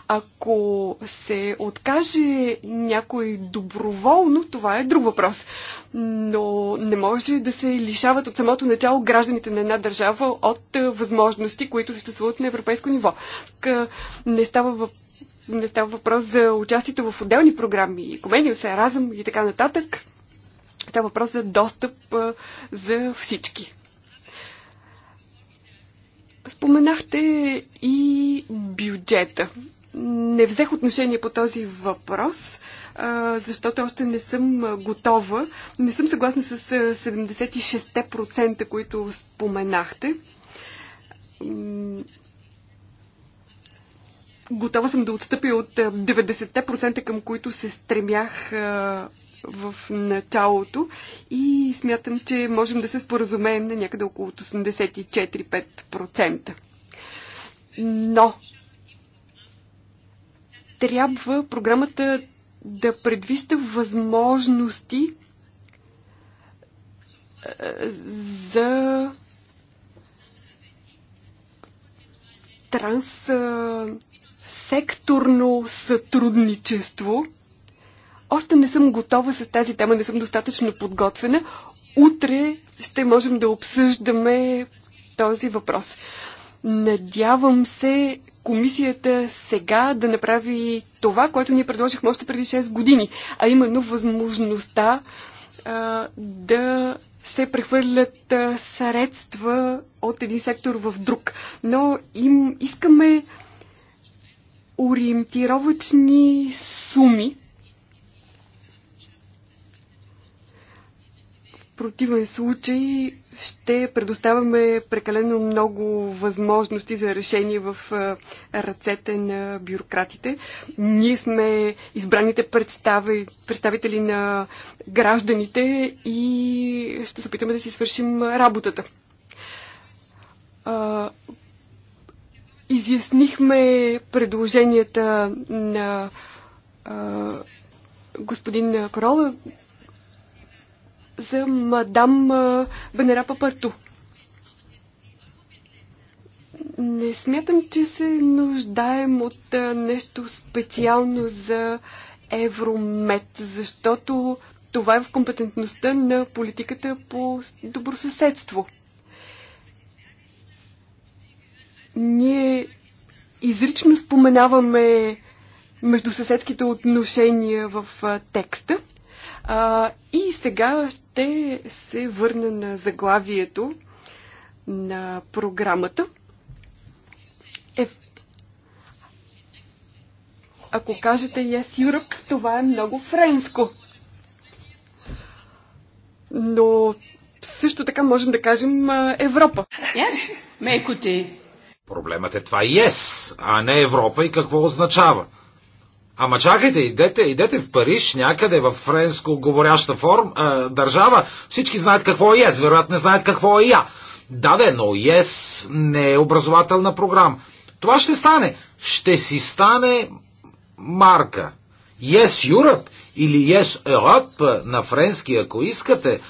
Ако се откаже някой доброволно, това е друг въпрос. Но не може да се лишават от самото начало гражданите на една държава от е, възможности, които съществуват на европейско ниво. Не става въпрос не става въпрос за участието в отделни програми, Комениус, Еразъм и така нататък. Става въпрос за достъп е, за всички. Споменахте и бюджета не взех отношение по този въпрос, защото още не съм готова. Не съм съгласна с 76%, които споменахте. Готова съм да отстъпя от 90%, към които се стремях в началото и смятам, че можем да се споразумеем на някъде около 84-5%. Но трябва програмата да предвижда възможности е, за транссекторно сътрудничество. Още не съм готова с тази тема, не съм достатъчно подготвена. Утре ще можем да обсъждаме този въпрос. Надявам се комисията сега да направи това, което ние предложихме още преди 6 години, а именно възможността а, да се прехвърлят а, средства от един сектор в друг. Но им искаме ориентировачни суми, противен случай ще предоставяме прекалено много възможности за решение в ръцете на бюрократите. Ние сме избраните представители на гражданите и ще се опитаме да си свършим работата. Изяснихме предложенията на господин Корола, за мадам Бенера Папарту. Не смятам, че се нуждаем от нещо специално за Евромет, защото това е в компетентността на политиката по добросъседство. Ние изрично споменаваме междусъседските отношения в текста – а, и сега ще се върна на заглавието на програмата. Е, ако кажете Yes Europe, това е много френско. Но също така можем да кажем Европа. Yes, ме е Проблемът е това Yes, а не Европа и какво означава. Ама чакайте, идете, идете в Париж, някъде в френско говоряща форм, а, държава. Всички знаят какво е ЕС, вероятно не знаят какво е я. Да, да, но ЕС не е образователна програма. Това ще стане. Ще си стане марка. ЕС Юръп или ес Europe на френски, ако искате.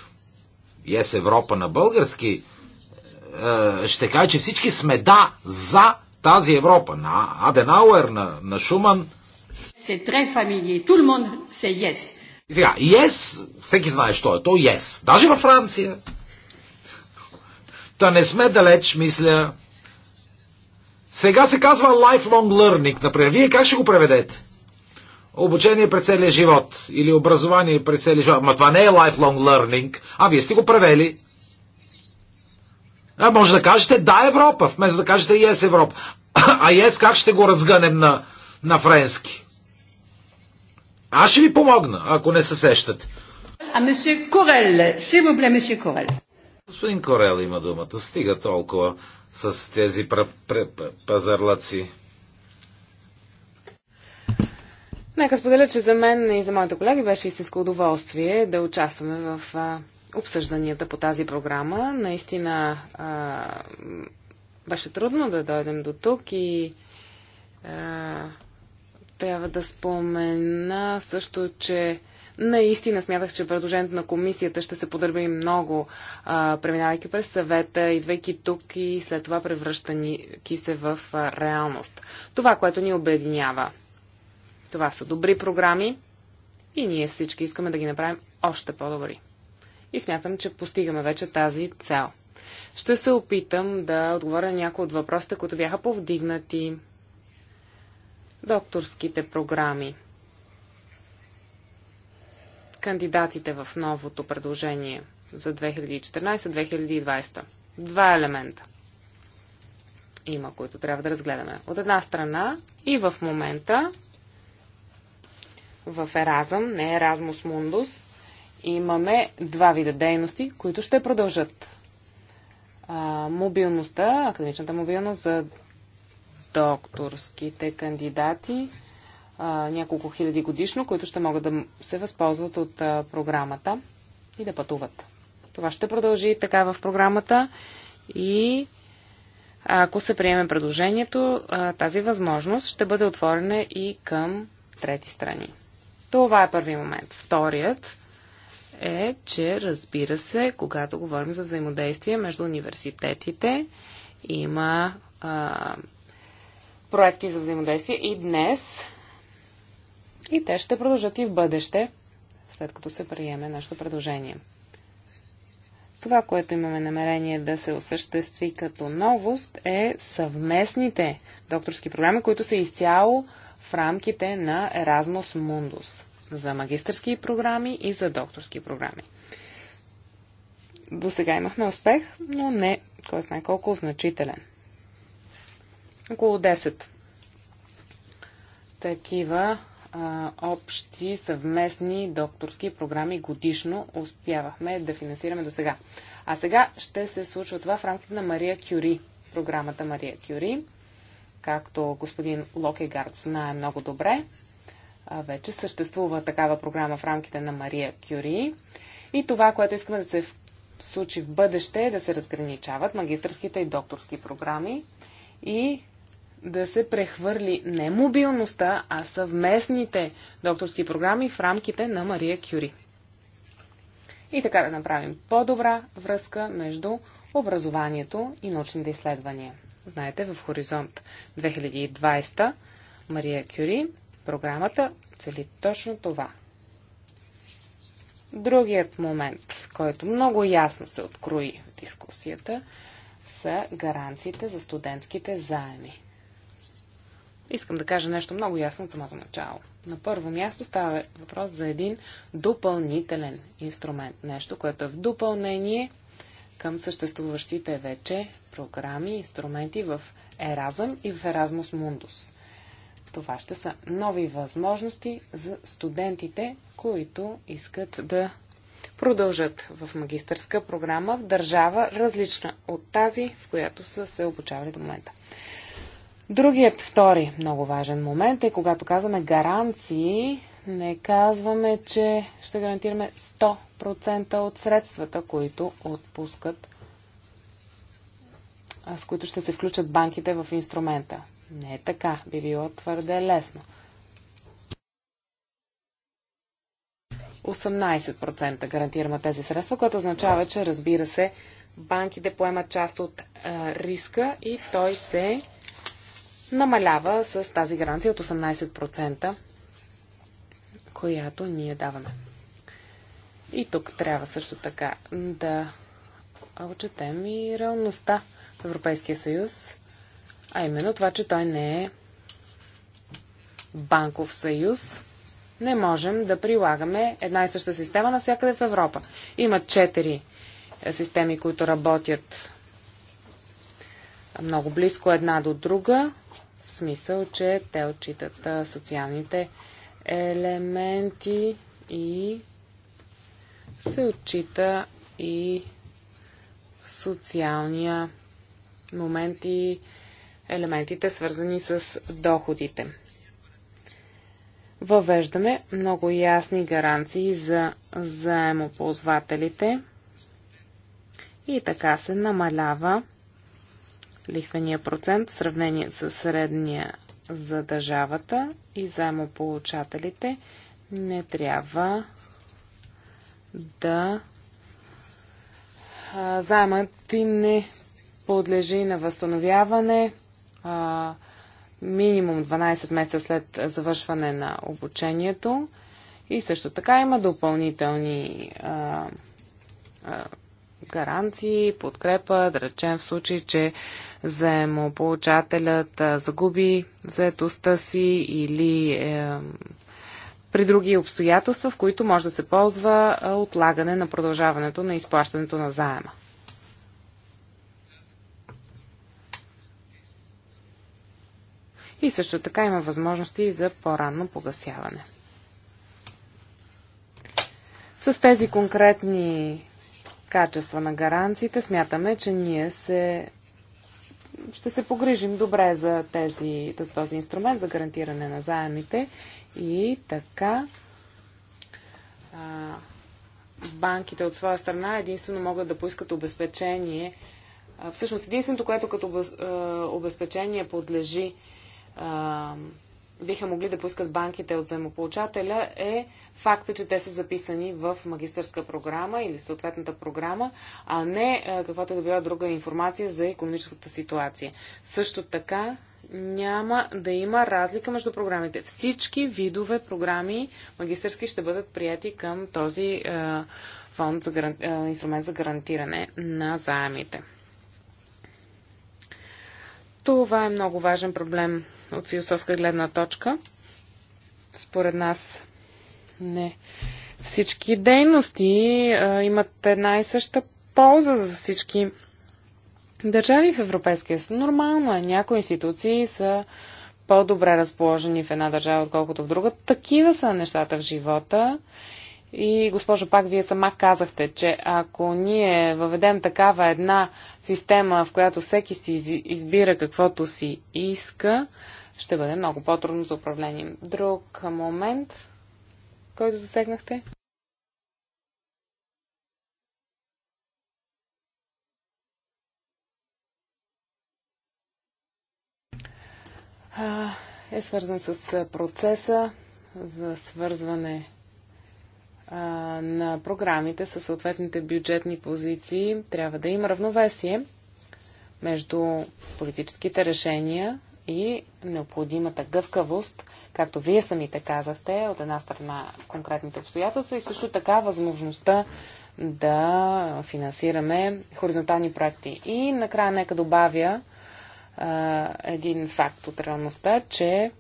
ес Европа на български. Ще кажа, че всички сме да за тази Европа. На Аденауер, на, на Шуман c'est très familier. Tout le monde sait yes. И сега, yes, всеки знае, що е то yes. Даже във Франция. Та не сме далеч, мисля. Сега се казва lifelong learning, например. Вие как ще го преведете? Обучение през целия живот или образование през целия живот. Ма това не е lifelong learning, а вие сте го превели. А може да кажете да Европа, вместо да кажете yes Европа. А yes как ще го разгънем на, на френски? Аз ще ви помогна, ако не се сещате. А месье Корел, си му бле, месье Корел. Господин Корел има думата. Стига толкова с тези пазарлаци. Нека споделя, че за мен и за моите колеги беше истинско удоволствие да участваме в а, обсъжданията по тази програма. Наистина а, беше трудно да дойдем до тук и а, трябва да спомена също, че наистина смятах, че предложението на комисията ще се подърби много, а, преминавайки през съвета, идвайки тук и след това превръщайки се в а, реалност. Това, което ни обединява. Това са добри програми и ние всички искаме да ги направим още по-добри. И смятам, че постигаме вече тази цел. Ще се опитам да отговоря на някои от въпросите, които бяха повдигнати докторските програми. Кандидатите в новото предложение за 2014-2020. Два елемента има, които трябва да разгледаме. От една страна и в момента в Еразъм, не Еразмус Мундус, имаме два вида дейности, които ще продължат. А, мобилността, академичната мобилност за докторските кандидати, а, няколко хиляди годишно, които ще могат да се възползват от а, програмата и да пътуват. Това ще продължи така в програмата и ако се приеме предложението, а, тази възможност ще бъде отворена и към трети страни. Това е първи момент. Вторият е, че разбира се, когато говорим за взаимодействие между университетите, има проекти за взаимодействие и днес. И те ще продължат и в бъдеще, след като се приеме нашето предложение. Това, което имаме намерение да се осъществи като новост, е съвместните докторски програми, които са изцяло в рамките на Erasmus Mundus за магистърски програми и за докторски програми. До сега имахме успех, но не кой знае колко значителен около 10 такива а, общи съвместни докторски програми годишно успявахме да финансираме до сега. А сега ще се случва това в рамките на Мария Кюри, програмата Мария Кюри. Както господин Локегард знае много добре, а, вече съществува такава програма в рамките на Мария Кюри. И това, което искаме да се случи в бъдеще е да се разграничават магистрските и докторски програми и да се прехвърли не мобилността, а съвместните докторски програми в рамките на Мария Кюри. И така да направим по-добра връзка между образованието и научните изследвания. Знаете, в Хоризонт 2020 Мария Кюри програмата цели точно това. Другият момент, който много ясно се открои в дискусията, са гаранциите за студентските заеми. Искам да кажа нещо много ясно от самото начало. На първо място става въпрос за един допълнителен инструмент. Нещо, което е в допълнение към съществуващите вече програми, инструменти в Еразъм и в Еразмус Мундус. Това ще са нови възможности за студентите, които искат да продължат в магистърска програма в държава, различна от тази, в която са се обучавали до момента. Другият втори много важен момент е, когато казваме гаранции, не казваме, че ще гарантираме 100% от средствата, които отпускат, с които ще се включат банките в инструмента. Не е така. Би било твърде лесно. 18% гарантираме тези средства, което означава, че разбира се, банките поемат част от а, риска и той се намалява с тази гаранция от 18%, която ние даваме. И тук трябва също така да отчетем и реалността в Европейския съюз, а именно това, че той не е банков съюз. Не можем да прилагаме една и съща система навсякъде в Европа. Има четири е, системи, които работят много близко една до друга в смисъл, че те отчитат социалните елементи и се отчита и социалния момент и елементите, свързани с доходите. Въвеждаме много ясни гаранции за заемоползвателите и така се намалява лихвения процент в сравнение с средния за държавата и заемополучателите, не трябва да заемът им не подлежи на възстановяване а, минимум 12 месеца след завършване на обучението. И също така има допълнителни а, а, гаранции, подкрепа, да речем в случай, че заемополучателят загуби заетостта си или е, при други обстоятелства, в които може да се ползва отлагане на продължаването на изплащането на заема. И също така има възможности за по-ранно погасяване. С тези конкретни качества на гаранциите, смятаме, че ние се ще се погрижим добре за, тези, за този инструмент за гарантиране на заемите и така а, банките от своя страна единствено могат да поискат обезпечение. А, всъщност единственото, което като обезпечение подлежи а, биха могли да поискат банките от заемополучателя е факта, че те са записани в магистърска програма или съответната програма, а не е, каквато е да била друга информация за економическата ситуация. Също така няма да има разлика между програмите. Всички видове програми магистърски ще бъдат прияти към този е, фонд за гаран... Е, инструмент за гарантиране на заемите. Това е много важен проблем от философска гледна точка. Според нас не всички дейности а, имат една и съща полза за всички държави в Европейския съюз. Нормално е. Някои институции са по-добре разположени в една държава, отколкото в друга. Такива са нещата в живота и, госпожо Пак, вие сама казахте, че ако ние въведем такава една система, в която всеки си избира каквото си иска, ще бъде много по-трудно за управление. Друг момент, който засегнахте? е свързан с процеса за свързване на програмите със съответните бюджетни позиции трябва да има равновесие между политическите решения и необходимата гъвкавост, както вие самите казахте, от една страна конкретните обстоятелства и също така възможността да финансираме хоризонтални проекти. И накрая нека добавя а, един факт от реалността, че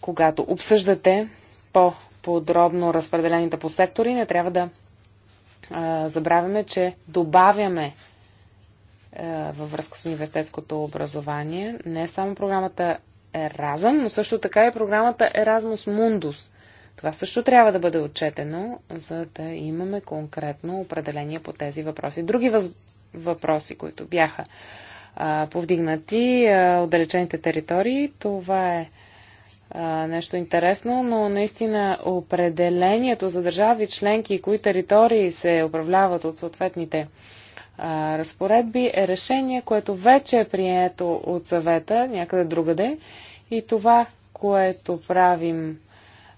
когато обсъждате по подробно разпределените по сектори, не трябва да а, забравяме, че добавяме а, във връзка с университетското образование не само програмата Еразъм, но също така и програмата Еразмус Мундус. Това също трябва да бъде отчетено, за да имаме конкретно определение по тези въпроси. Други въз... въпроси, които бяха а, повдигнати, а, отдалечените територии, това е нещо интересно, но наистина определението за държави членки и кои територии се управляват от съответните а, разпоредби е решение, което вече е прието от съвета някъде другаде и това, което правим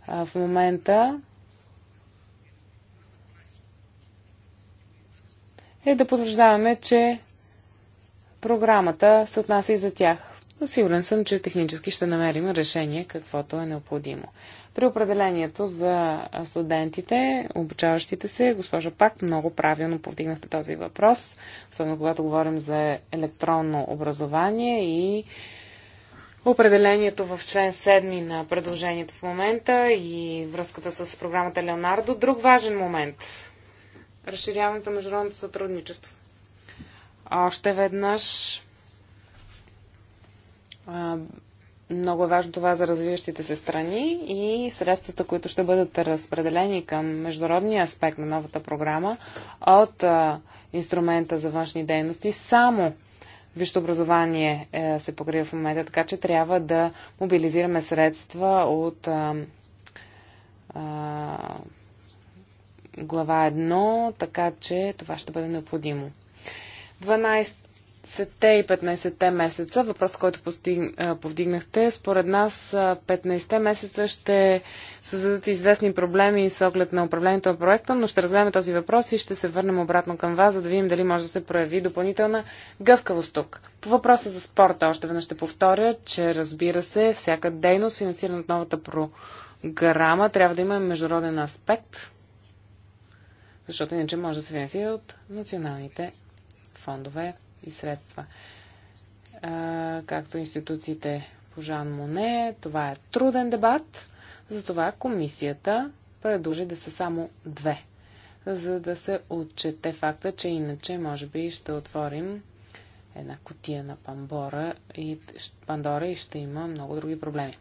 а, в момента, е да потвърждаваме, че програмата се отнася и за тях. Сигурен съм, че технически ще намерим решение каквото е необходимо. При определението за студентите, обучаващите се, госпожо Пак, много правилно повдигнахте този въпрос, особено когато говорим за електронно образование и определението в член 7 на предложението в момента и връзката с програмата Леонардо. Друг важен момент – разширяването на международното сътрудничество. Още веднъж много е важно това за развиващите се страни и средствата, които ще бъдат разпределени към международния аспект на новата програма от а, инструмента за външни дейности, само висшето образование е, се покрива в момента, така че трябва да мобилизираме средства от а, а, глава 1, така че това ще бъде необходимо. 12 10 те и 15-те месеца, въпрос, който повдигнахте, според нас 15-те месеца ще създадат известни проблеми с оглед на управлението на проекта, но ще разгледаме този въпрос и ще се върнем обратно към вас, за да видим дали може да се прояви допълнителна гъвкавост тук. По въпроса за спорта още веднъж ще повторя, че разбира се, всяка дейност, финансирана от новата програма, трябва да има международен аспект, защото иначе може да се финансира от националните фондове и средства. А, както институциите по Жан Моне, това е труден дебат, затова комисията предложи да са само две, за да се отчете факта, че иначе може би ще отворим една котия на Пандора и, Пандора и ще има много други проблеми.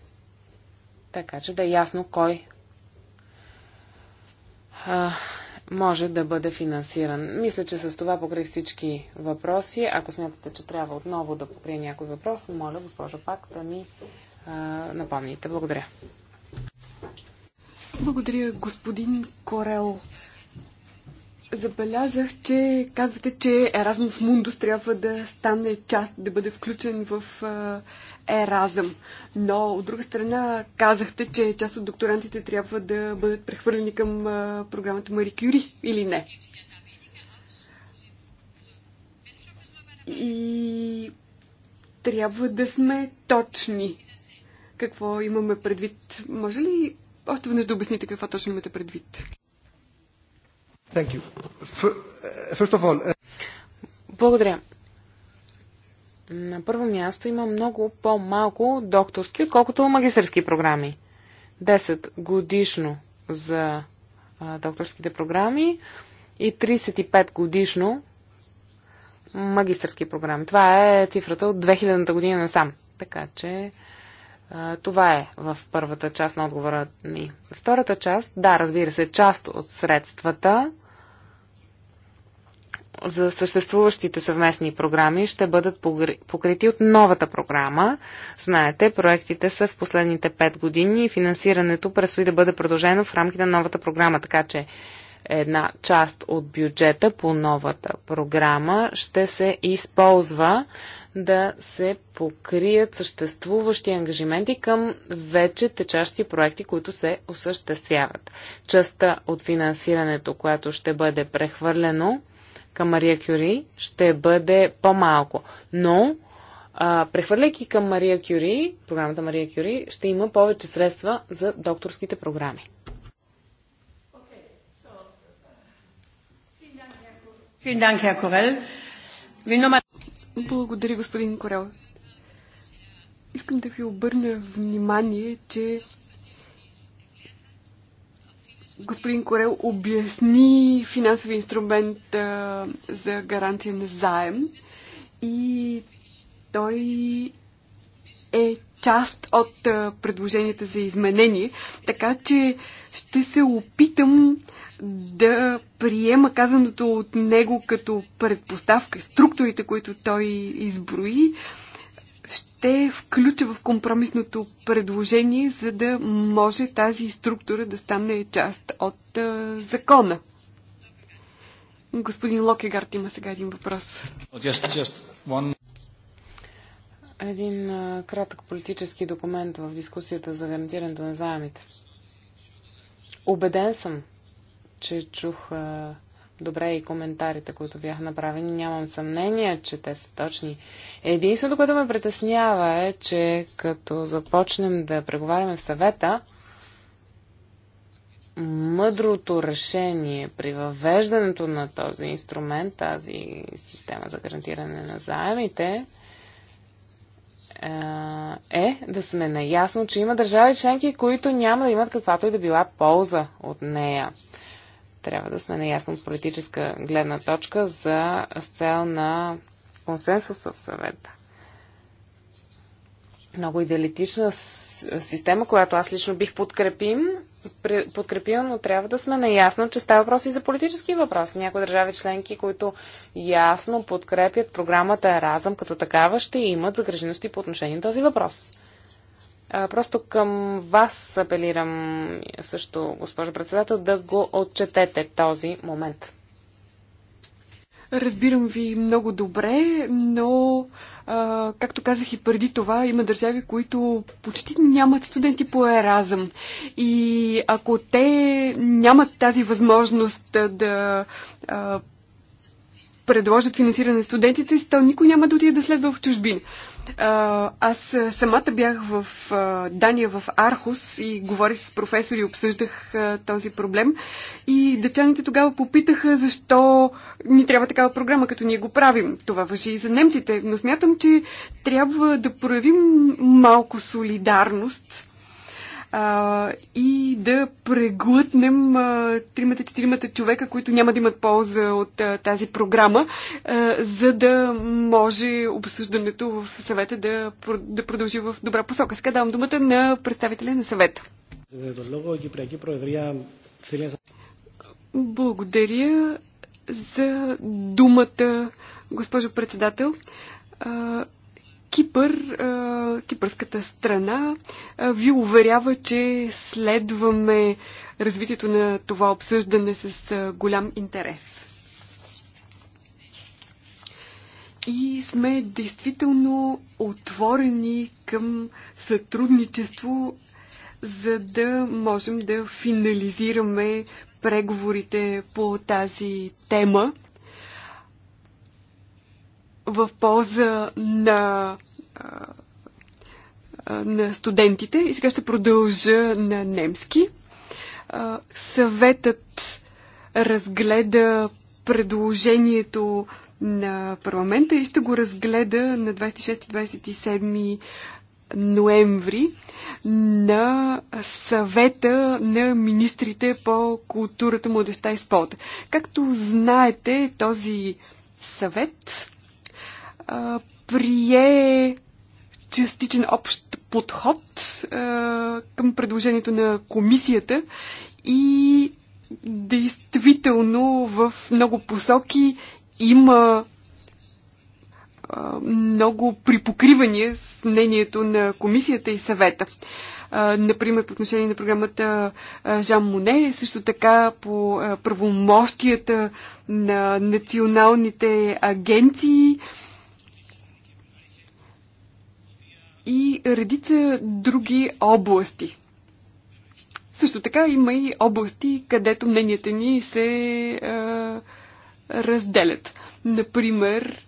Така че да е ясно кой а, може да бъде финансиран. Мисля, че с това покрих всички въпроси. Ако смятате, че трябва отново да покрия някой въпрос, моля, госпожа Пак, да ми а, напомните. Благодаря. Благодаря, господин Корел. Забелязах, че казвате, че Еразмус Мундус трябва да стане част, да бъде включен в а, е, разъм. Но, от друга страна, казахте, че част от докторантите трябва да бъдат прехвърлени към програмата Мари Кюри или не? И трябва да сме точни. Какво имаме предвид? Може ли още веднъж да обясните какво точно имате предвид? Е, е, Благодаря. На първо място има много по-малко докторски, отколкото магистърски програми. 10 годишно за а, докторските програми и 35 годишно магистърски програми. Това е цифрата от 2000-та година насам. Така че а, това е в първата част на отговора ми. Втората част, да, разбира се, част от средствата за съществуващите съвместни програми ще бъдат покрити от новата програма. Знаете, проектите са в последните 5 години и финансирането предстои да бъде продължено в рамките на новата програма, така че една част от бюджета по новата програма ще се използва да се покрият съществуващи ангажименти към вече течащи проекти, които се осъществяват. Частта от финансирането, което ще бъде прехвърлено към Мария Кюри ще бъде по-малко. Но, а, прехвърляйки към Мария Кюри, програмата Мария Кюри, ще има повече средства за докторските програми. Благодаря, господин Корел. Искам да ви обърна внимание, че Господин Корел обясни финансови инструмент а, за гаранция на заем и той е част от а, предложенията за изменение, така че ще се опитам да приема казаното от него като предпоставка, структурите, които той изброи, ще включа в компромисното предложение, за да може тази структура да стане част от а, закона. Господин Локегард има сега един въпрос. Just, just one... Един а, кратък политически документ в дискусията за гарантирането на заемите. Обеден съм, че чух а, добре и коментарите, които бяха направени. Нямам съмнение, че те са точни. Единственото, което ме притеснява е, че като започнем да преговаряме в съвета, мъдрото решение при въвеждането на този инструмент, тази система за гарантиране на заемите, е, е да сме наясно, че има държави членки, които няма да имат каквато и да била полза от нея. Трябва да сме наясно от политическа гледна точка за с цел на консенсуса в съвета. Много идеалитична система, която аз лично бих подкрепим, подкрепила, но трябва да сме наясно, че става въпрос и за политически въпроси. Някои държави членки, които ясно подкрепят програмата Еразъм като такава, ще имат загрежености по отношение на този въпрос. Просто към вас апелирам също, госпожо председател, да го отчетете този момент. Разбирам ви много добре, но, а, както казах и преди това, има държави, които почти нямат студенти по еразъм. И ако те нямат тази възможност да а, предложат финансиране на студентите, то никой няма да отиде да следва в чужбина. Аз самата бях в Дания, в Архус и говорих с професори и обсъждах този проблем. И дъчаните тогава попитаха защо ни трябва такава програма, като ние го правим. Това въжи и за немците. Но смятам, че трябва да проявим малко солидарност а, и да преглътнем тримата-четиримата човека, които няма да имат полза от а, тази програма, а, за да може обсъждането в съвета да, да продължи в добра посока. Сега давам думата на представителя на съвета. Благодаря за думата, госпожо председател. Кипър, кипърската страна ви уверява, че следваме развитието на това обсъждане с голям интерес. И сме действително отворени към сътрудничество, за да можем да финализираме преговорите по тази тема в полза на, на студентите. И сега ще продължа на немски. Съветът разгледа предложението на парламента и ще го разгледа на 26-27 ноември на съвета на министрите по културата, младеща и спорта. Както знаете, този съвет а, прие частичен общ подход а, към предложението на комисията и действително в много посоки има а, много припокривания с мнението на комисията и съвета. А, например, по отношение на програмата Жан Моне, също така по правомощията на националните агенции, и редица други области. Също така има и области, където мненията ни се а, разделят. Например,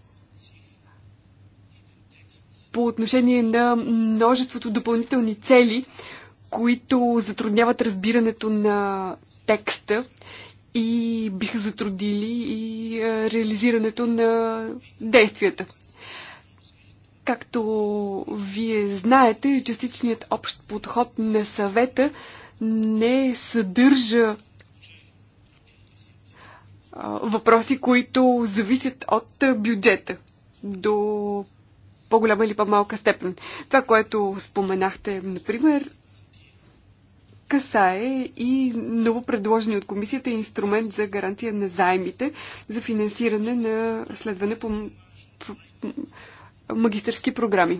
по отношение на множеството допълнителни цели, които затрудняват разбирането на текста и биха затрудили и реализирането на действията. Както вие знаете, частичният общ подход на съвета не съдържа въпроси, които зависят от бюджета до по-голяма или по-малка степен. Това, което споменахте, например, касае и предложени от комисията инструмент за гаранция на заемите за финансиране на следване по магистърски програми.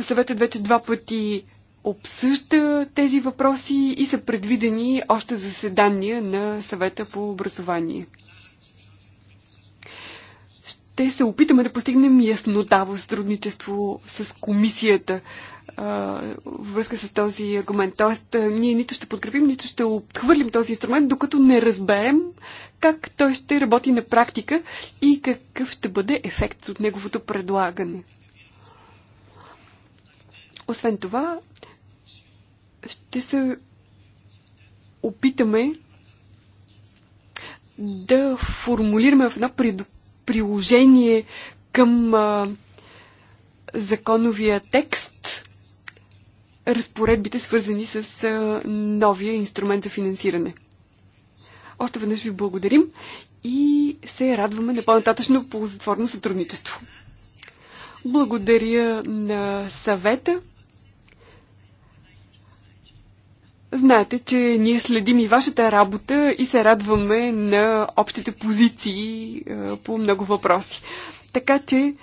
Съветът вече два пъти обсъжда тези въпроси и са предвидени още заседания на съвета по образование. Ще се опитаме да постигнем яснота в сътрудничество с комисията във връзка с този аргумент. Тоест, ние нито ще подкрепим, нито ще отхвърлим този инструмент, докато не разберем как той ще работи на практика и какъв ще бъде ефект от неговото предлагане. Освен това, ще се опитаме да формулираме в едно приложение към а, законовия текст разпоредбите, свързани с а, новия инструмент за финансиране. Още веднъж ви благодарим и се радваме на по-нататъчно ползотворно сътрудничество. Благодаря на съвета. Знаете, че ние следим и вашата работа и се радваме на общите позиции е, по много въпроси. Така че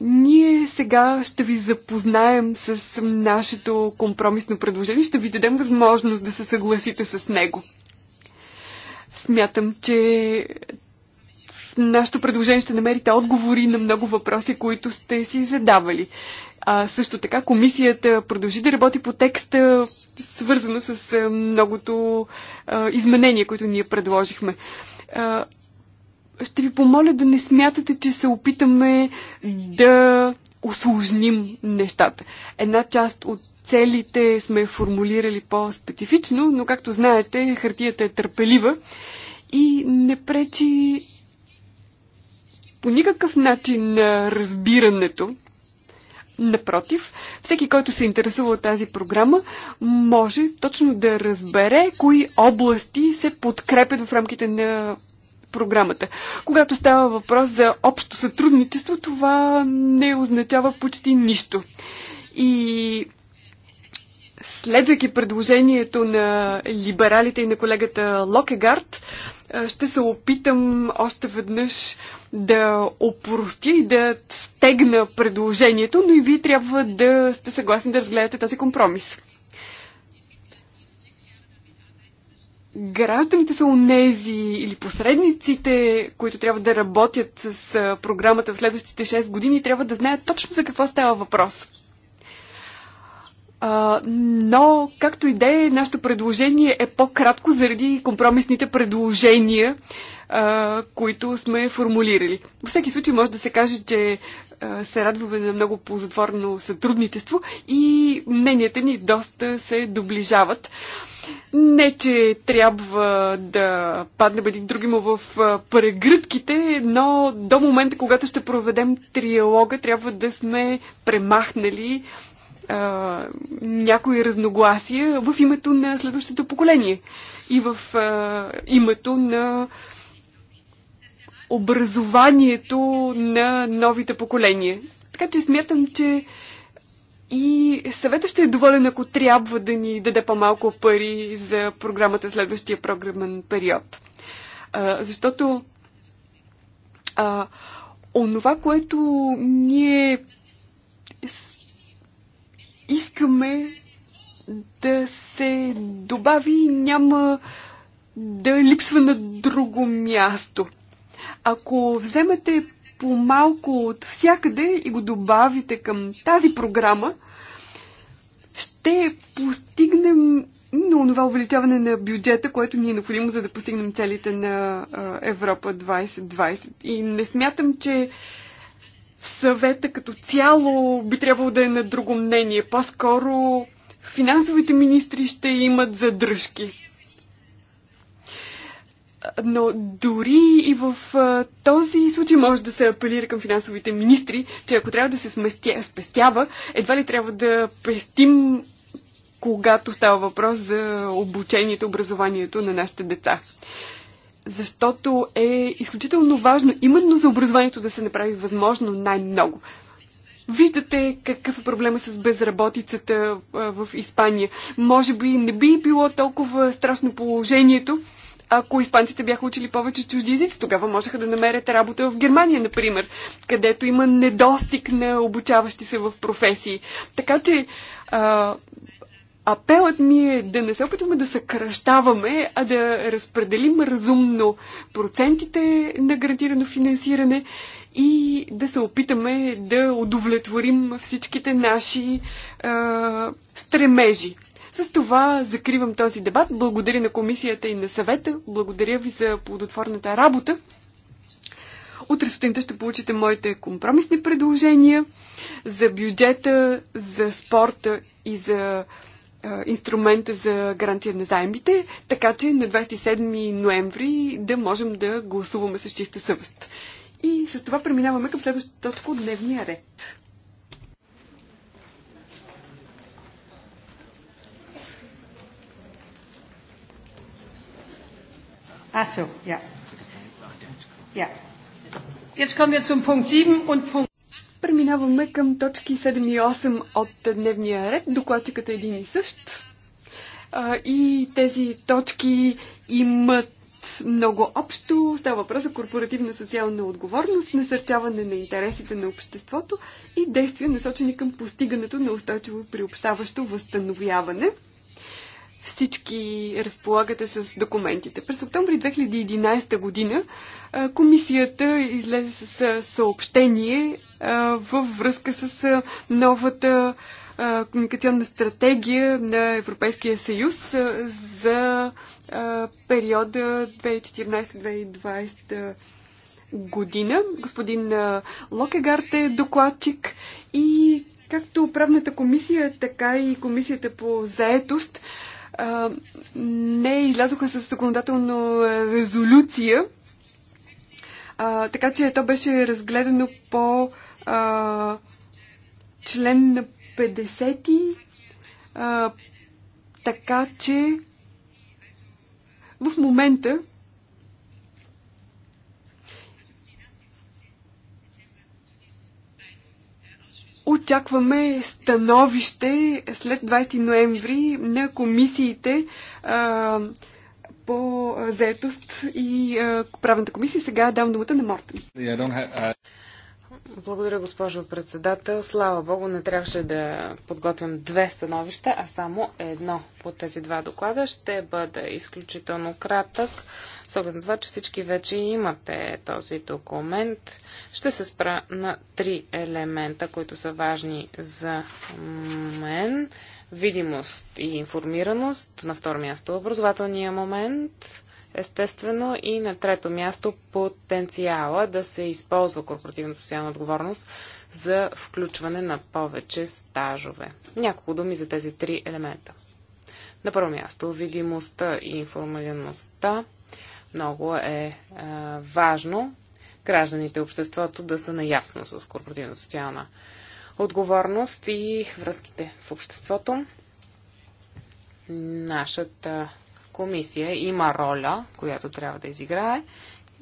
ние сега ще ви запознаем с нашето компромисно предложение, ще ви дадем възможност да се съгласите с него. Смятам, че нашето предложение ще намерите отговори на много въпроси, които сте си задавали. А, също така комисията продължи да работи по текста, свързано с многото а, изменения, които ние предложихме. А, ще ви помоля да не смятате, че се опитаме да осложним нещата. Една част от целите сме формулирали по-специфично, но както знаете, хартията е търпелива и не пречи по никакъв начин на разбирането. Напротив, всеки, който се интересува от тази програма, може точно да разбере кои области се подкрепят в рамките на програмата. Когато става въпрос за общо сътрудничество, това не означава почти нищо. И следвайки предложението на либералите и на колегата Локегард, ще се опитам още веднъж да опростя и да стегна предложението, но и вие трябва да сте съгласни да разгледате този компромис. гражданите са унези или посредниците, които трябва да работят с програмата в следващите 6 години, трябва да знаят точно за какво става въпрос. А, но, както и да е, нашето предложение е по-кратко заради компромисните предложения, а, които сме формулирали. Във всеки случай може да се каже, че а, се радваме на много ползотворно сътрудничество и мненията ни доста се доближават. Не, че трябва да падне един му в прегръдките, но до момента, когато ще проведем триалога, трябва да сме премахнали а, някои разногласия в името на следващото поколение и в а, името на образованието на новите поколения. Така че смятам, че и съвета ще е доволен, ако трябва да ни даде по-малко пари за програмата следващия програмен период. А, защото а, онова, което ние искаме да се добави, няма да липсва на друго място. Ако вземете по-малко от всякъде и го добавите към тази програма, ще постигнем именно това увеличаване на бюджета, което ни е необходимо, за да постигнем целите на Европа 2020. И не смятам, че съвета като цяло би трябвало да е на друго мнение. По-скоро финансовите министри ще имат задръжки. Но дори и в този случай може да се апелира към финансовите министри, че ако трябва да се спестява, едва ли трябва да пестим, когато става въпрос за обучението, образованието на нашите деца защото е изключително важно именно за образованието да се направи възможно най-много. Виждате какъв е проблема с безработицата в Испания. Може би не би било толкова страшно положението, ако испанците бяха учили повече чужди езици. Тогава можеха да намерят работа в Германия, например, където има недостиг на обучаващи се в професии. Така че а, апелът ми е да не се опитваме да съкръщаваме, а да разпределим разумно процентите на гарантирано финансиране и да се опитаме да удовлетворим всичките наши е, стремежи. С това закривам този дебат. Благодаря на комисията и на съвета. Благодаря ви за плодотворната работа. Утре сутринта ще получите моите компромисни предложения за бюджета, за спорта и за инструмента за гарантия на заемите, така че на 27 ноември да можем да гласуваме с чиста съвест. И с това преминаваме към следващата точка от дневния ред. Ach so, ja. Jetzt kommen wir zum Punkt 7 und Punkt Преминаваме към точки 7 и 8 от дневния ред. Докладчикът е един и същ. А, и тези точки имат много общо. Става въпрос за корпоративна социална отговорност, насърчаване на интересите на обществото и действия насочени към постигането на устойчиво приобщаващо възстановяване. Всички разполагате с документите. През октомври 2011 година комисията излезе с съобщение във връзка с новата комуникационна стратегия на Европейския съюз за периода 2014-2020 година. Господин Локегард е докладчик и както правната комисия, така и комисията по заетост не излязоха с законодателна резолюция а, така че то беше разгледано по а, член на 50. А, така че в момента Очакваме становище след 20 ноември на комисиите а, по заетост и правната комисия. Сега давам думата на Мортен. Благодаря, госпожо председател. Слава Богу, не трябваше да подготвям две становища, а само едно по тези два доклада. Ще бъда изключително кратък, с оглед на това, че всички вече имате този документ. Ще се спра на три елемента, които са важни за мен видимост и информираност, на второ място образователния момент, естествено и на трето място потенциала да се използва корпоративна социална отговорност за включване на повече стажове. Няколко думи за тези три елемента. На първо място видимостта и информираността. Много е, е важно гражданите и обществото да са наясно с корпоративна социална отговорност отговорност и връзките в обществото. Нашата комисия има роля, която трябва да изиграе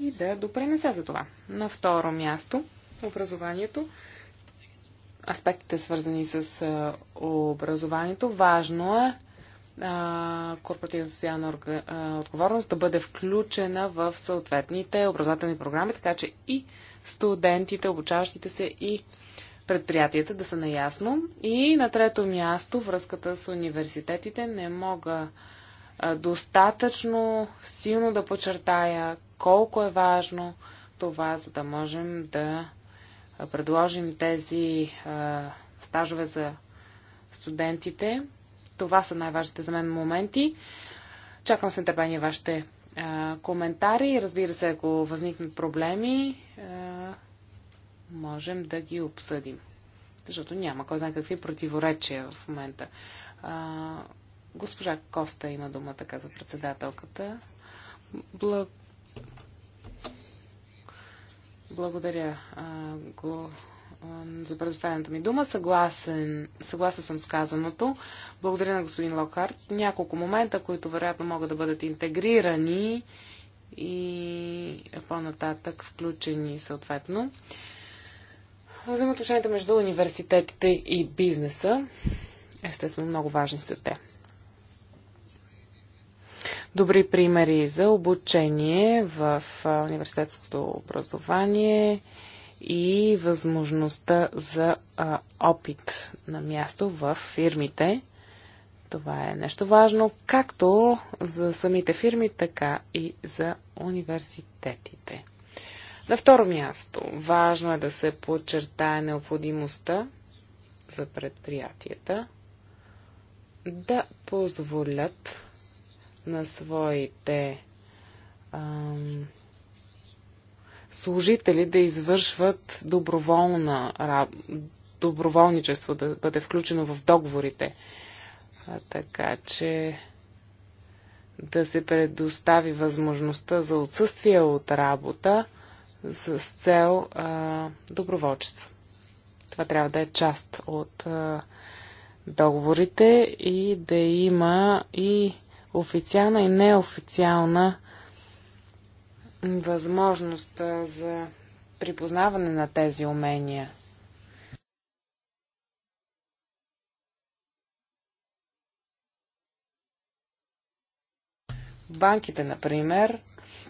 и да допринесе за това. На второ място, образованието. Аспектите свързани с образованието. Важно е корпоративна социална отговорност да бъде включена в съответните образователни програми, така че и студентите, обучаващите се и предприятията да са наясно. И на трето място, връзката с университетите не мога достатъчно силно да подчертая колко е важно това, за да можем да предложим тези стажове за студентите. Това са най-важните за мен моменти. Чакам с нетърпение вашите коментари. Разбира се, ако възникнат проблеми, можем да ги обсъдим. Защото няма кой знае какви противоречия в момента. А, госпожа Коста има думата, каза председателката. Благ... Благодаря а, го, а, за предоставената ми дума. Съгласен, съгласен съм с казаното. Благодаря на господин Локарт. Няколко момента, които вероятно могат да бъдат интегрирани и по-нататък включени съответно взаимоотношенията между университетите и бизнеса, естествено, много важни са те. Добри примери за обучение в университетското образование и възможността за а, опит на място в фирмите. Това е нещо важно, както за самите фирми, така и за университетите. На второ място, важно е да се подчертае необходимостта за предприятията да позволят на своите ам, служители да извършват доброволна, доброволничество, да бъде включено в договорите. А, така че да се предостави възможността за отсъствие от работа с цел а, доброволчество. Това трябва да е част от а, договорите и да има и официална и неофициална възможност за припознаване на тези умения – Банките, например,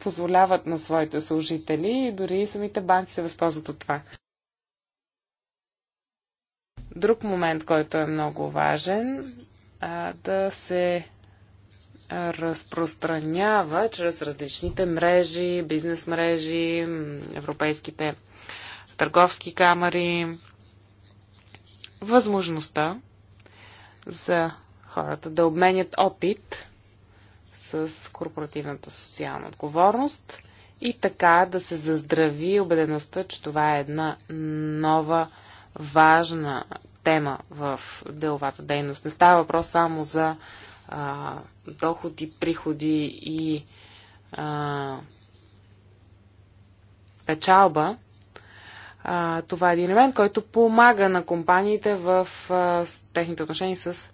позволяват на своите служители и дори и самите банки се възползват от това. Друг момент, който е много важен, а, да се разпространява чрез различните мрежи, бизнес мрежи, европейските търговски камери, възможността за хората да обменят опит с корпоративната социална отговорност и така да се заздрави убедеността, че това е една нова важна тема в деловата дейност. Не става въпрос само за а, доходи, приходи и а, печалба. А, това е един елемент, който помага на компаниите в а, техните отношения с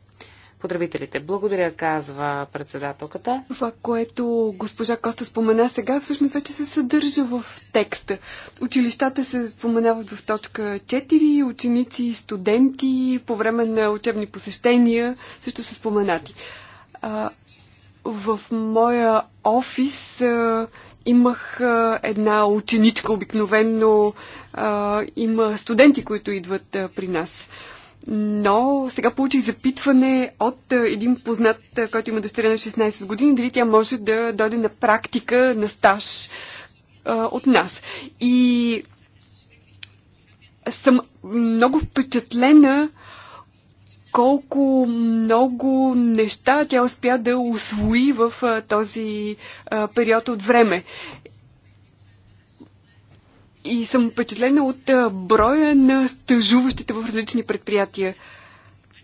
потребителите. Благодаря, казва председателката. Това, което госпожа Коста спомена сега, всъщност вече се съдържа в текста. Училищата се споменават в точка 4, ученици, студенти, по време на учебни посещения също са споменати. А, в моя офис а, имах а, една ученичка, обикновенно а, има студенти, които идват а, при нас. А, но сега получих запитване от е, един познат, е, който има дъщеря на 16 години, дали тя може да дойде на практика, на стаж а, е, от нас. И съм много впечатлена колко много неща тя успя да освои в а, този а, период от време. И съм впечатлена от броя на стъжуващите в различни предприятия.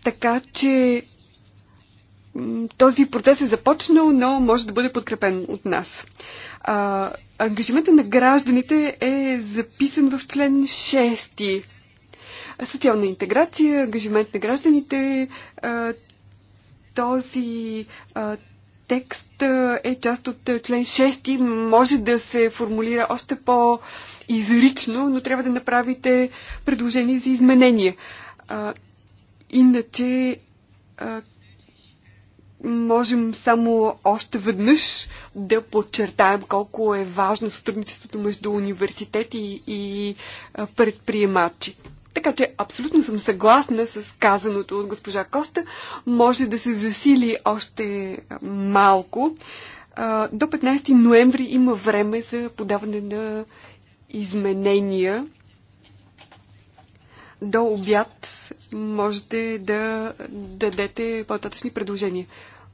Така че този процес е започнал, но може да бъде подкрепен от нас. А, ангажимента на гражданите е записан в член 6. Социална интеграция, ангажимент на гражданите. А, този а, текст е част от член 6. Може да се формулира още по- изрично, но трябва да направите предложение за изменение. А, иначе а, можем само още веднъж да подчертаем колко е важно сътрудничеството между университети и предприемачи. Така че абсолютно съм съгласна с казаното от госпожа Коста. Може да се засили още малко. До 15 ноември има време за подаване на изменения. До обяд можете да дадете по-татъчни предложения.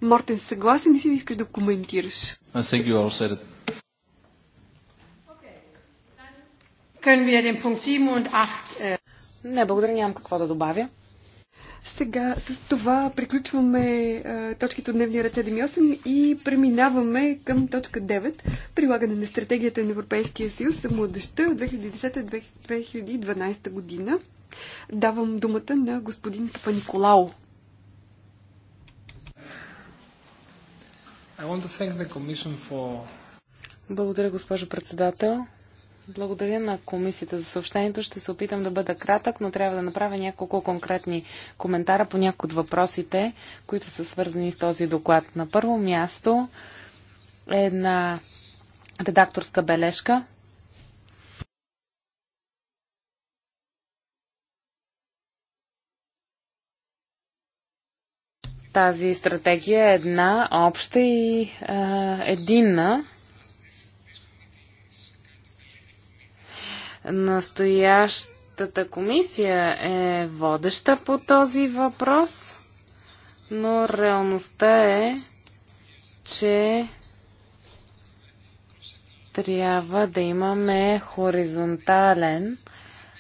Мортен, съгласен ли си да искаш да коментираш? Äh, Не, благодаря, нямам какво да добавя. Сега с това приключваме а, точките от дневния ред 7 и 8 и преминаваме към точка 9. Прилагане на стратегията на Европейския съюз за младеща от 2010-2012 година. Давам думата на господин Папа Николао. For... Благодаря, госпожо председател. Благодаря на комисията за съобщението. Ще се опитам да бъда кратък, но трябва да направя няколко конкретни коментара по някои от въпросите, които са свързани с този доклад. На първо място е една редакторска бележка. Тази стратегия е една, обща и е, единна Настоящата комисия е водеща по този въпрос, но реалността е, че трябва да имаме хоризонтален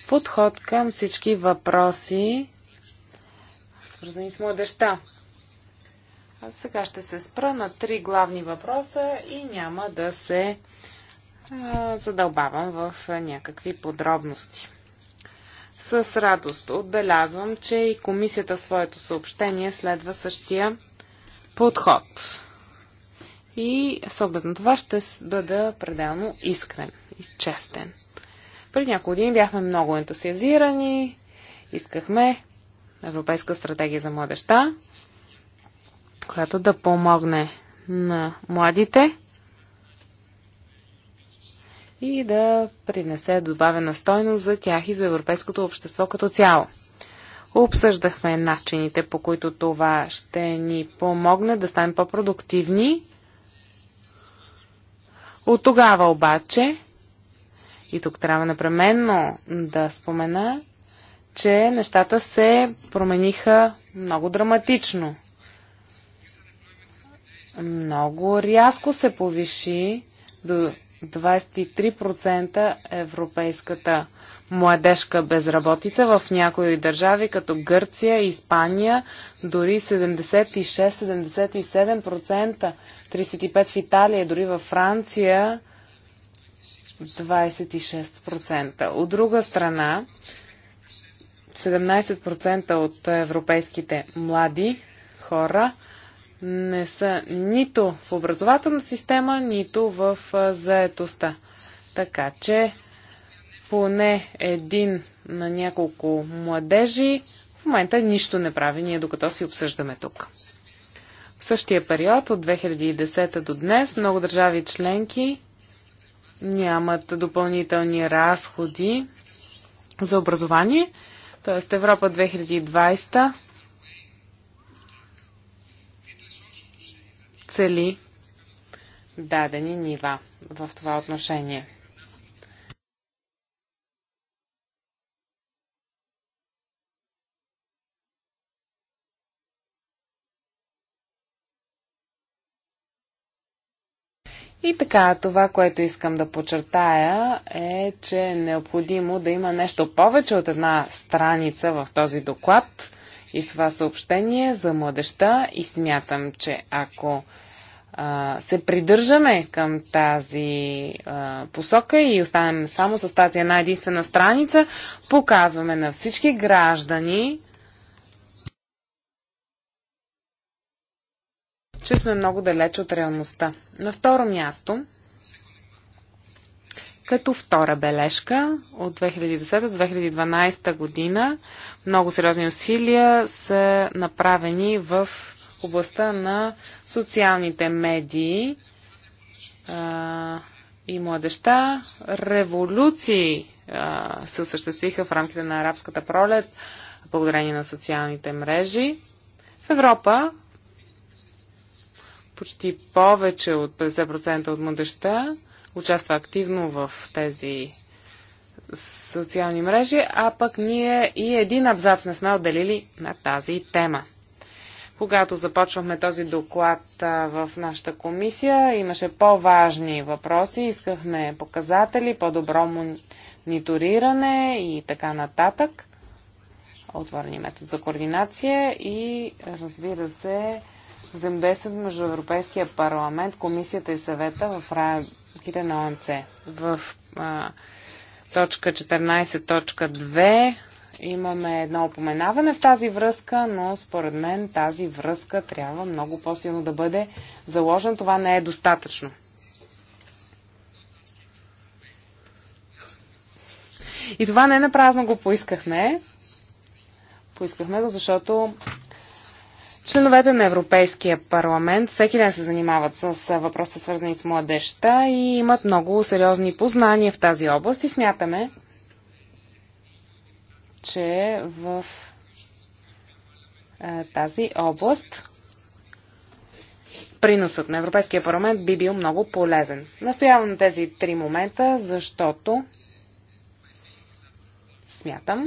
подход към всички въпроси, свързани с младеща. А сега ще се спра на три главни въпроса и няма да се задълбавам в някакви подробности. С радост отбелязвам, че и комисията своето съобщение следва същия подход. И с оглед на това ще бъда пределно искрен и честен. Преди няколко години бяхме много ентусиазирани, искахме Европейска стратегия за младеща, която да помогне на младите и да принесе добавена стойност за тях и за европейското общество като цяло. Обсъждахме начините, по които това ще ни помогне да станем по-продуктивни. От тогава обаче, и тук трябва непременно да спомена, че нещата се промениха много драматично. Много рязко се повиши до 23% европейската младежка безработица в някои държави, като Гърция, Испания, дори 76-77%, 35% в Италия, дори във Франция 26%. От друга страна, 17% от европейските млади хора не са нито в образователната система, нито в заетостта. Така че поне един на няколко младежи в момента нищо не прави, ние докато си обсъждаме тук. В същия период от 2010 до днес много държави членки нямат допълнителни разходи за образование. Тоест Европа 2020 цели дадени нива в това отношение. И така, това, което искам да подчертая е, че е необходимо да има нещо повече от една страница в този доклад, и в това съобщение за младеща и смятам, че ако а, се придържаме към тази а, посока и останем само с тази една единствена страница, показваме на всички граждани, че сме много далеч от реалността. На второ място, като втора бележка от 2010-2012 година много сериозни усилия са направени в областта на социалните медии а, и младеща. Революции а, се осъществиха в рамките на арабската пролет благодарение на социалните мрежи. В Европа почти повече от 50% от младеща участва активно в тези социални мрежи, а пък ние и един абзац не сме отделили на тази тема. Когато започвахме този доклад в нашата комисия, имаше по-важни въпроси. Искахме показатели, по-добро мониториране и така нататък. Отворени метод за координация и разбира се, взаимодействието между Европейския парламент, комисията и съвета в рамките на ОНЦ. В а, точка 14.2 имаме едно опоменаване в тази връзка, но според мен тази връзка трябва много по-силно да бъде заложена. Това не е достатъчно. И това не е напразно го поискахме. Поискахме го, защото Членовете на Европейския парламент всеки ден се занимават с въпросите свързани с младежта и имат много сериозни познания в тази област и смятаме, че в е, тази област приносът на Европейския парламент би бил много полезен. Настоявам на тези три момента, защото смятам,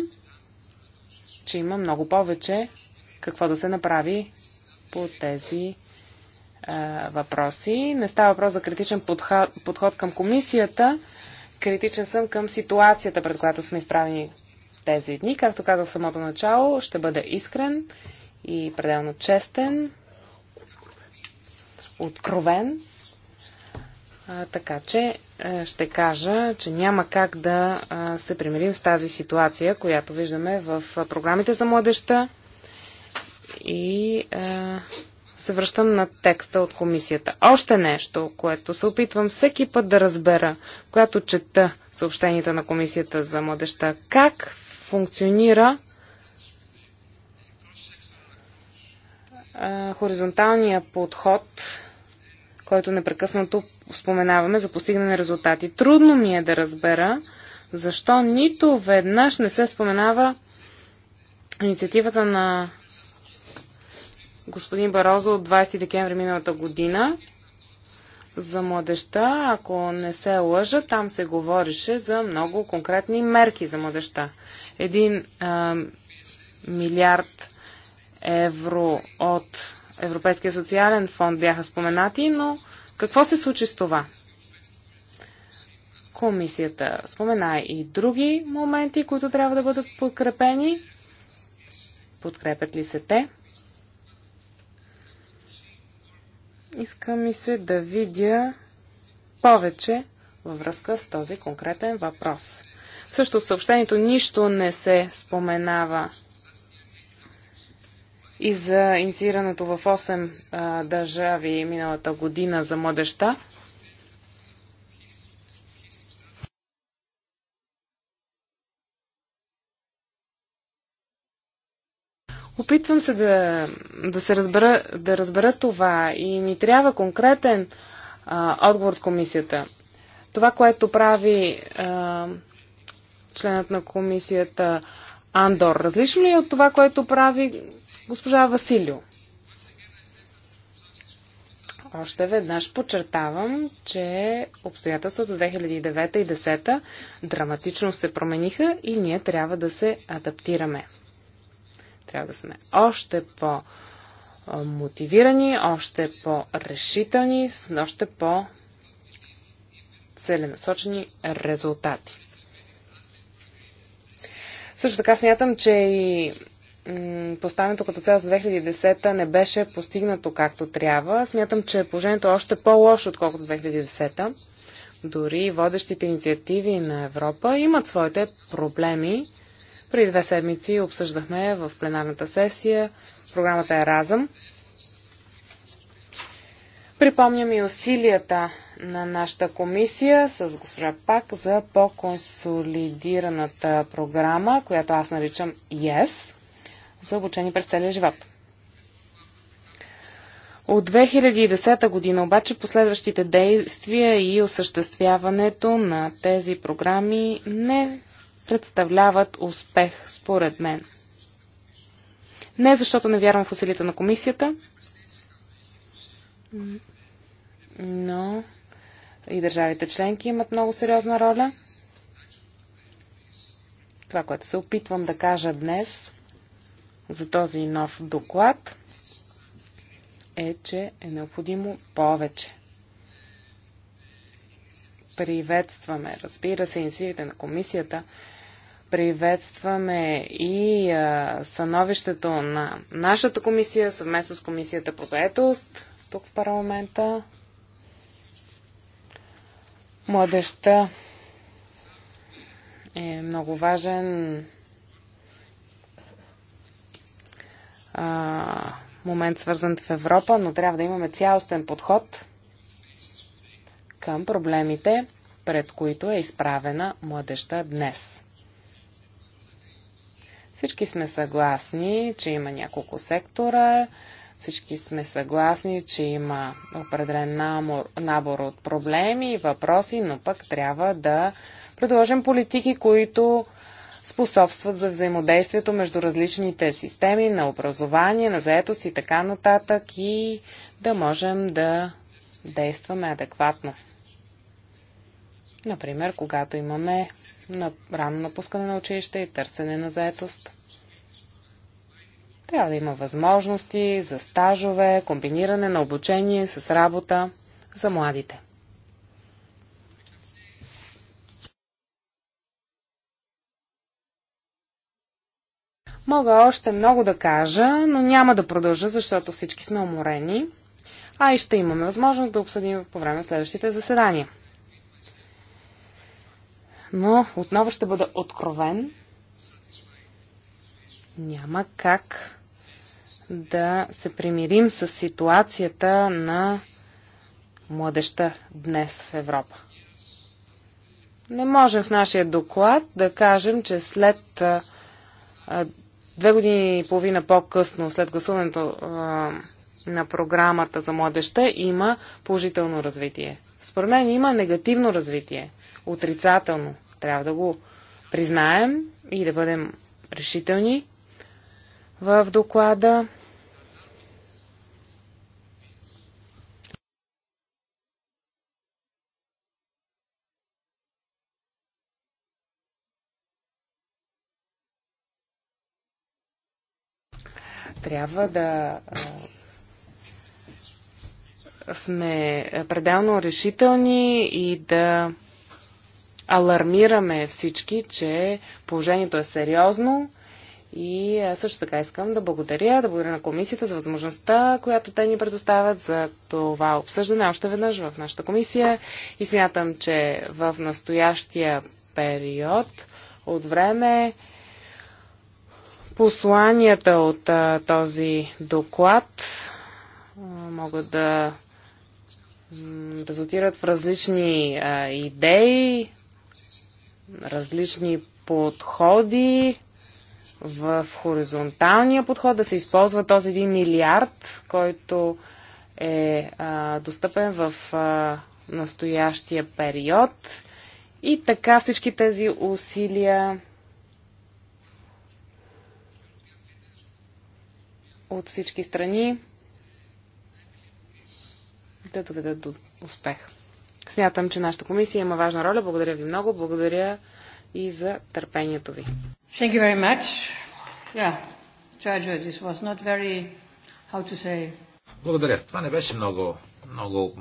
че има много повече какво да се направи по тези въпроси. Не става въпрос за критичен подход, подход към комисията. Критичен съм към ситуацията, пред която сме изправени тези дни. Както казах в самото начало, ще бъда искрен и пределно честен, откровен. А, така че ще кажа, че няма как да се примирим с тази ситуация, която виждаме в програмите за младеща и а, се връщам на текста от комисията. Още нещо, което се опитвам всеки път да разбера, когато чета съобщенията на комисията за младеща, как функционира а, хоризонталния подход, който непрекъснато споменаваме за постигане на резултати. Трудно ми е да разбера защо нито веднъж не се споменава инициативата на господин Барозо от 20 декември миналата година за младеща. Ако не се лъжа, там се говореше за много конкретни мерки за младеща. Един а, милиард евро от Европейския социален фонд бяха споменати, но какво се случи с това? Комисията спомена и други моменти, които трябва да бъдат подкрепени. Подкрепят ли се те? Иска ми се да видя повече във връзка с този конкретен въпрос. Също съобщението нищо не се споменава и за инициираното в 8 а, държави миналата година за младеща, Опитвам се да, да се разбера, да разбера това и ми трябва конкретен а, отговор от комисията. Това, което прави а, членът на комисията Андор, различно ли е от това, което прави госпожа Василио? Още веднъж подчертавам, че обстоятелствата 2009 и 2010 драматично се промениха и ние трябва да се адаптираме. Трябва да сме още по- мотивирани, още по-решителни, с още по-целенасочени резултати. Също така смятам, че и поставянето като цел за 2010 не беше постигнато както трябва. Смятам, че положението е още по-лошо, отколкото 2010. -та. Дори водещите инициативи на Европа имат своите проблеми преди две седмици обсъждахме в пленарната сесия. Програмата е Разъм. Припомням и усилията на нашата комисия с госпожа Пак за по-консолидираната програма, която аз наричам ЕС, за обучение през целия живот. От 2010 година обаче последващите действия и осъществяването на тези програми не представляват успех, според мен. Не защото не вярвам в усилите на комисията, но и държавите членки имат много сериозна роля. Това, което се опитвам да кажа днес за този нов доклад, е, че е необходимо повече. Приветстваме, разбира се, инициативите на комисията Приветстваме и а, становището на нашата комисия съвместно с комисията по заетост тук в парламента. Младеща е много важен а, момент, свързан в Европа, но трябва да имаме цялостен подход към проблемите, пред които е изправена младеща днес. Всички сме съгласни, че има няколко сектора, всички сме съгласни, че има определен набор, набор от проблеми и въпроси, но пък трябва да предложим политики, които способстват за взаимодействието между различните системи на образование, на заетост и така нататък и да можем да действаме адекватно. Например, когато имаме на рано напускане на училище и търсене на заетост. Трябва да има възможности за стажове, комбиниране на обучение с работа за младите. Мога още много да кажа, но няма да продължа, защото всички сме уморени, а и ще имаме възможност да обсъдим по време на следващите заседания но отново ще бъда откровен. Няма как да се примирим с ситуацията на младеща днес в Европа. Не можем в нашия доклад да кажем, че след две години и половина по-късно, след гласуването на програмата за младеща, има положително развитие. Според мен има негативно развитие отрицателно. Трябва да го признаем и да бъдем решителни в доклада. Трябва да сме пределно решителни и да алармираме всички, че положението е сериозно. И също така искам да благодаря, да благодаря на комисията за възможността, която те ни предоставят за това обсъждане още веднъж в нашата комисия. И смятам, че в настоящия период от време посланията от а, този доклад а, могат да резултират в различни а, идеи, различни подходи в хоризонталния подход, да се използва този 1 милиард, който е а, достъпен в а, настоящия период. И така всички тези усилия от всички страни да доведат до успех. Смятам, че нашата комисия има важна роля. Благодаря ви много. Благодаря и за търпението ви. Thank you very much. Yeah. this was not very, how to say... Благодаря. Това не беше много, много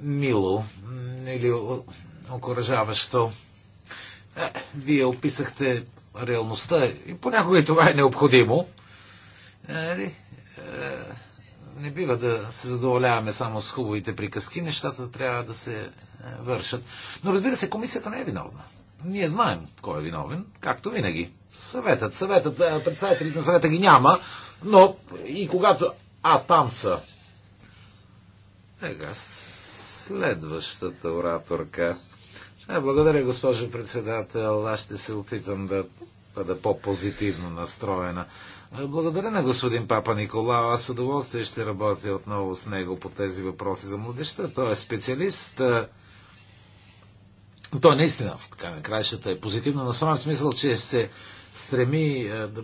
мило или окоръжаващо. Е, вие описахте реалността и понякога и това е необходимо. Е, нали? не бива да се задоволяваме само с хубавите приказки, нещата трябва да се е, вършат. Но разбира се, комисията не е виновна. Ние знаем кой е виновен, както винаги. Съветът, съветът, е, представителите на съвета ги няма, но и когато... А, там са. Ега следващата ораторка. Е, благодаря, госпожо председател. Аз ще се опитам да бъда по-позитивно настроена. Благодаря на господин Папа Николао. Аз с удоволствие ще работя отново с него по тези въпроси за младеща. Той е специалист. Е, той наистина в така на краищата е позитивно настроен в смисъл, че се стреми е, да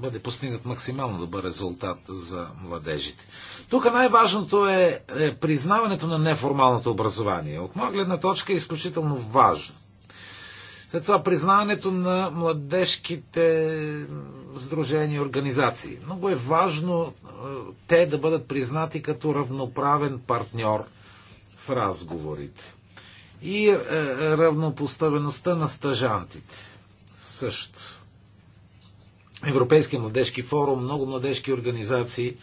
бъде постигнат максимално добър резултат за младежите. Тук най-важното е, е признаването на неформалното образование. От моя гледна точка е изключително важно. След това признаването на младежките Сдружени организации. Много е важно е, те да бъдат признати като равноправен партньор в разговорите. И е, е, равнопоставеността на стажантите. Също. Европейския младежки форум, много младежки организации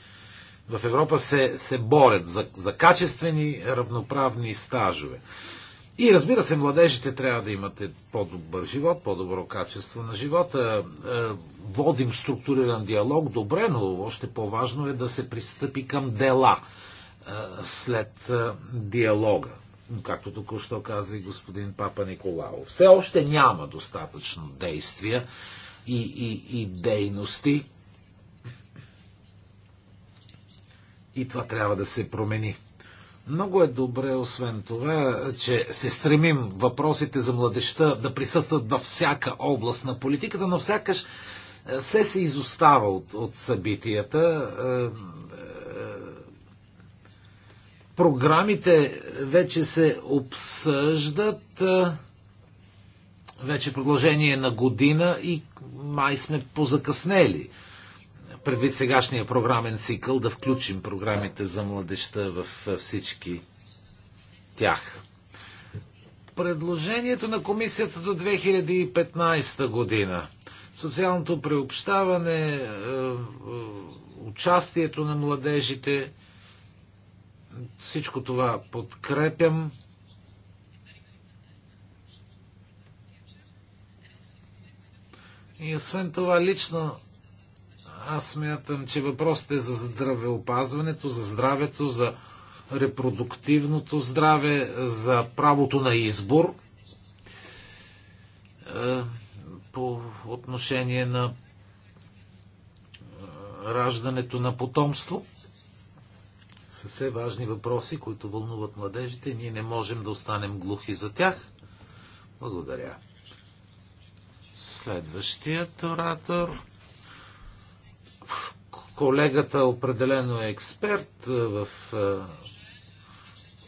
в Европа се, се борят за, за качествени равноправни стажове. И разбира се, младежите трябва да имат е по-добър живот, по-добро качество на живота. Е, водим структуриран диалог, добре, но още по-важно е да се пристъпи към дела е, след диалога. Както току-що каза и господин Папа Николао. Все още няма достатъчно действия и, и, и дейности. И това трябва да се промени. Много е добре, освен това, че се стремим въпросите за младеща да присъстват във всяка област на политиката, но всякаш е, се се изостава от, от събитията. Е, е, програмите вече се обсъждат вече продължение на година и май сме позакъснели предвид сегашния програмен цикъл, да включим програмите за младеща в всички тях. Предложението на комисията до 2015 година. Социалното приобщаване, участието на младежите, всичко това подкрепям. И освен това лично аз смятам, че въпросът е за здравеопазването, за здравето, за репродуктивното здраве, за правото на избор е, по отношение на е, раждането на потомство. Са все важни въпроси, които вълнуват младежите. Ние не можем да останем глухи за тях. Благодаря. Следващият оратор. Колегата определено е експерт е, в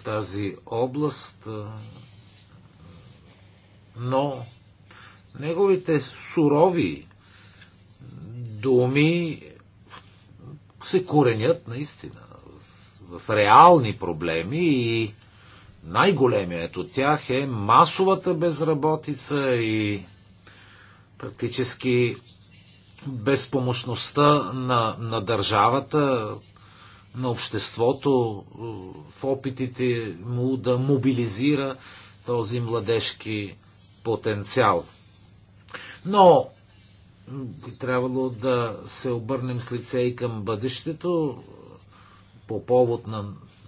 е, тази област, е, но неговите сурови думи се коренят наистина в, в реални проблеми и най-големият от тях е масовата безработица и практически безпомощността на, на държавата, на обществото в опитите му да мобилизира този младежки потенциал. Но би трябвало да се обърнем с лице и към бъдещето по повод на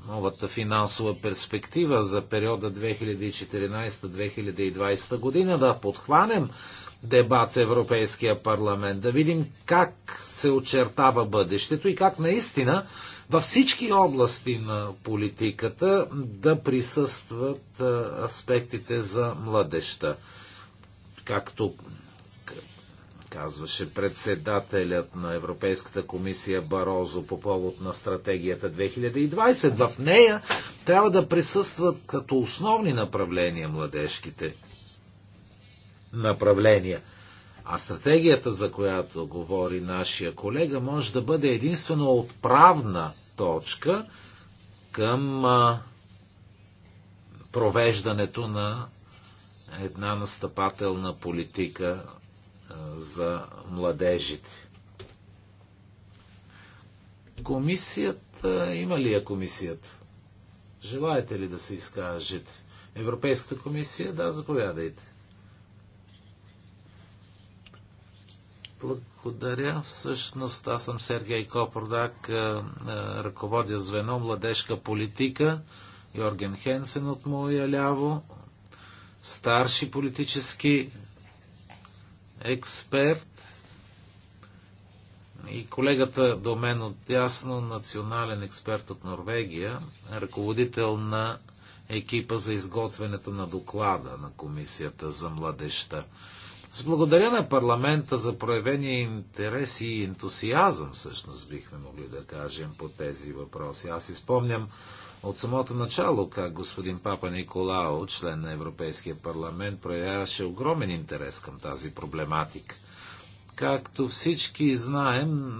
новата финансова перспектива за периода 2014-2020 година, да подхванем дебат в Европейския парламент, да видим как се очертава бъдещето и как наистина във всички области на политиката да присъстват аспектите за младеща. Както казваше председателят на Европейската комисия Барозо по повод на стратегията 2020. В нея трябва да присъстват като основни направления младежките направления. А стратегията, за която говори нашия колега, може да бъде единствено отправна точка към провеждането на една настъпателна политика за младежите. Комисията, има ли я комисията? Желаете ли да се изкажете? Европейската комисия, да, заповядайте. Благодаря. Всъщност аз съм Сергей Копродак, е, е, ръководя звено Младежка политика. Йорген Хенсен от моя ляво, старши политически експерт и колегата до мен от ясно национален експерт от Норвегия, ръководител на екипа за изготвянето на доклада на Комисията за младеща. С благодаря на парламента за проявения интерес и ентусиазъм, всъщност бихме могли да кажем по тези въпроси. Аз изпомням от самото начало как господин Папа Николао, член на Европейския парламент, проявяваше огромен интерес към тази проблематика. Както всички знаем,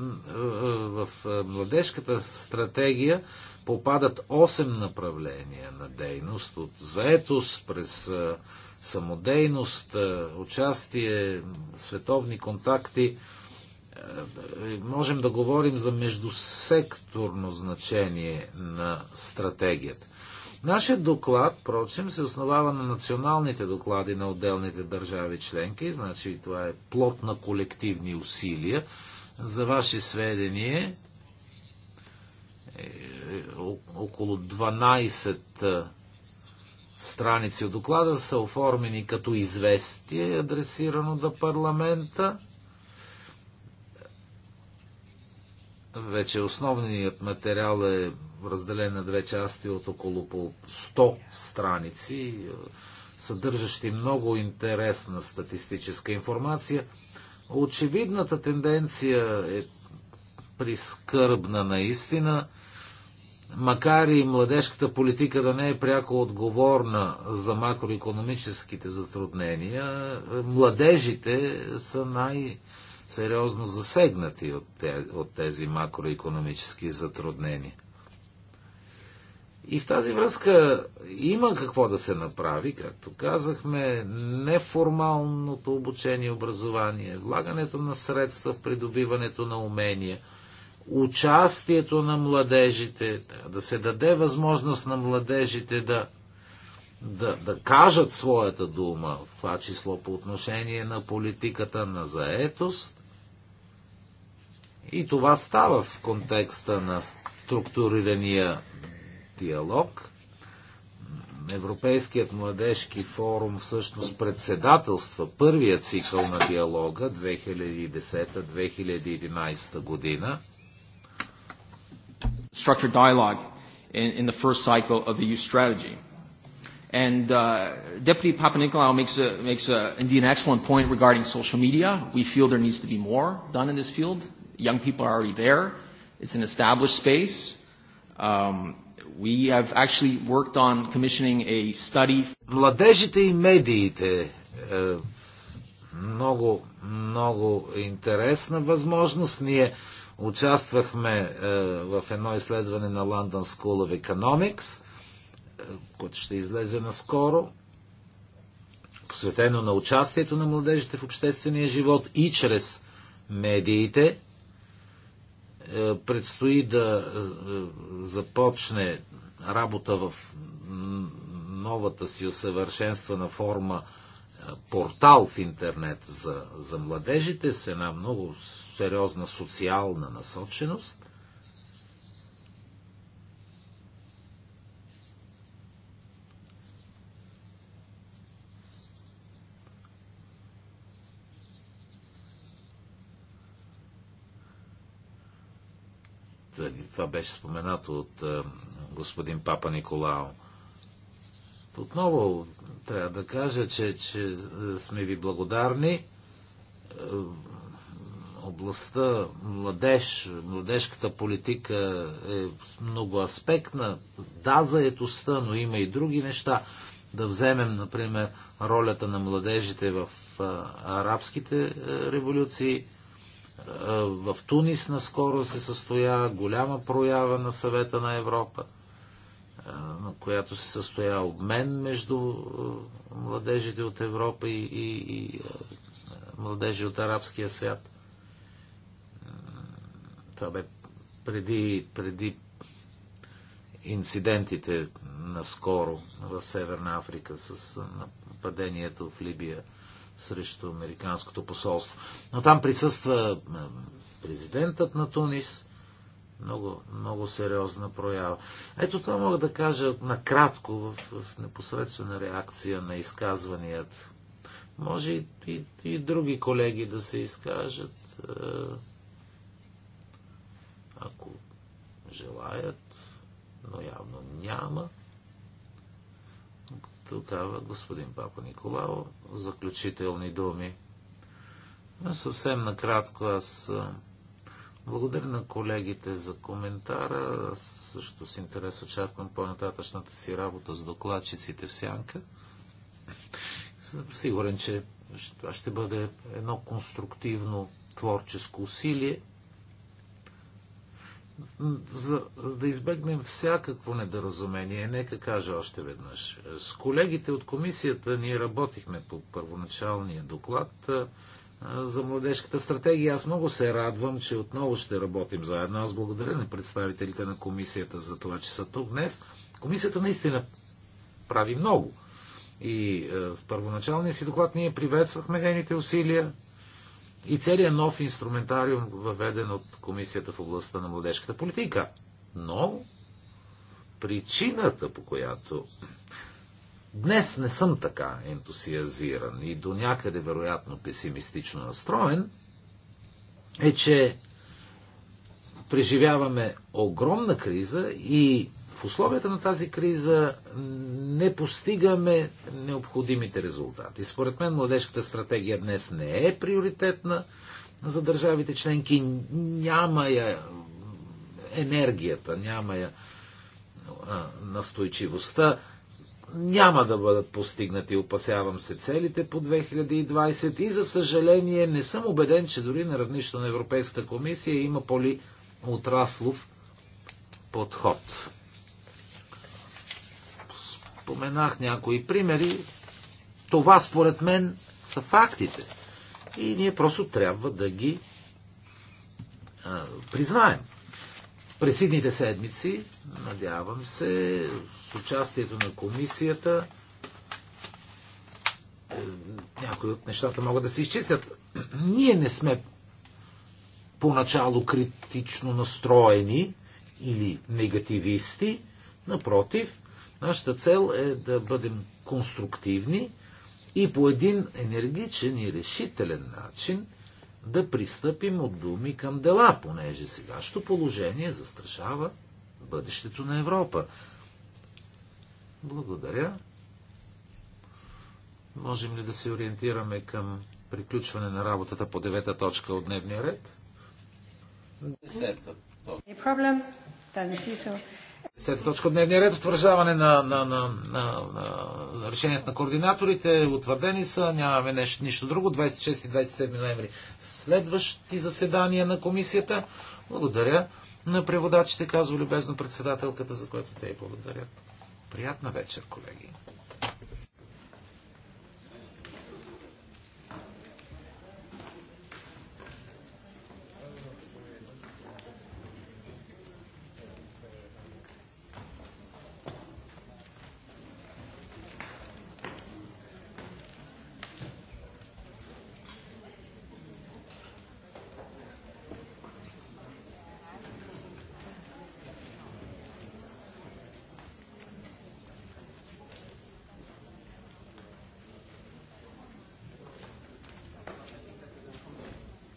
в младежката стратегия попадат 8 направления на дейност от заетост през самодейност, е, участие, световни контакти. Е, е, можем да говорим за междусекторно значение на стратегията. Нашият доклад, прочим, се основава на националните доклади на отделните държави членки, значи това е плод на колективни усилия. За ваше сведение, около 12 страници от доклада са оформени като известие, адресирано до парламента. Вече основният материал е разделен на две части от около по 100 страници, съдържащи много интересна статистическа информация. Очевидната тенденция е прискърбна наистина макар и младежката политика да не е пряко отговорна за макроекономическите затруднения, младежите са най- сериозно засегнати от, тези макроекономически затруднения. И в тази връзка има какво да се направи, както казахме, неформалното обучение и образование, влагането на средства в придобиването на умения – участието на младежите, да се даде възможност на младежите да, да, да кажат своята дума, в това число по отношение на политиката на заетост. И това става в контекста на структурирания диалог. Европейският младежки форум всъщност председателства първия цикъл на диалога 2010-2011 година structured dialogue in, in the first cycle of the youth strategy. And uh, Deputy Papanikolaou makes, a, makes a, indeed an excellent point regarding social media. We feel there needs to be more done in this field. Young people are already there. It's an established space. Um, we have actually worked on commissioning a study. Младежите и медиите. Много, много интересна възможност. Ние Участвахме е, в едно изследване на London School of Economics, е, което ще излезе наскоро, посветено на участието на младежите в обществения живот и чрез медиите. Е, предстои да започне работа в новата си усъвършенствана форма портал в интернет за, за младежите с една много сериозна социална насоченост. Това беше споменато от е, господин Папа Николао. Отново трябва да кажа, че, че е, сме ви благодарни. Е, областта младеж, младежката политика е много аспектна. Да, заетостта, но има и други неща. Да вземем, например, ролята на младежите в е, арабските революции. В Тунис наскоро се състоя голяма проява на съвета на Европа – на която се състоя обмен между младежите от Европа и, и, и младежи от арабския свят. Това бе преди, преди инцидентите наскоро в Северна Африка с нападението в Либия срещу Американското посолство. Но там присъства президентът на Тунис, много, много сериозна проява. Ето това мога да кажа накратко в, в непосредствена реакция на изказванията. Може и, и, и други колеги да се изкажат, е, ако желаят, но явно няма. Тогава господин Папа Николао, заключителни думи. Но съвсем накратко аз е, благодаря на колегите за коментара. Аз също с интерес очаквам по-нататъчната си работа с докладчиците в Сянка. Съм сигурен, че това ще бъде едно конструктивно творческо усилие, за, за да избегнем всякакво недоразумение, нека кажа още веднъж. С колегите от комисията ние работихме по първоначалния доклад за младежката стратегия. Аз много се радвам, че отново ще работим заедно. Аз благодаря на представителите на комисията за това, че са тук днес. Комисията наистина прави много. И е, в първоначалния си доклад ние приветствахме нейните усилия и целият нов инструментариум, въведен от Комисията в областта на младежката политика. Но причината, по която Днес не съм така ентусиазиран и до някъде вероятно песимистично настроен, е, че преживяваме огромна криза и в условията на тази криза не постигаме необходимите резултати. Според мен младежката стратегия днес не е приоритетна за държавите членки. Няма я енергията, няма я настойчивостта няма да бъдат постигнати, опасявам се, целите по 2020 и за съжаление не съм убеден, че дори на равнището на Европейската комисия има поли отраслов подход. Споменах някои примери. Това според мен са фактите. И ние просто трябва да ги а, признаем. През идните седмици, надявам се, с участието на комисията, е, някои от нещата могат да се изчистят. Ние не сме поначало критично настроени или негативисти. Напротив, нашата цел е да бъдем конструктивни и по един енергичен и решителен начин – да пристъпим от думи към дела, понеже сегашното положение застрашава бъдещето на Европа. Благодаря. Можем ли да се ориентираме към приключване на работата по девета точка от дневния ред? Десета. Проблем. Сета точка от дневния ред утвърждаване на, на, на, на, на решението на координаторите. Утвърдени са, нямаме нещо, нищо друго. 26 и 27 ноември. Следващи заседания на комисията. Благодаря на преводачите, казва любезно председателката, за което те и благодарят. Приятна вечер, колеги.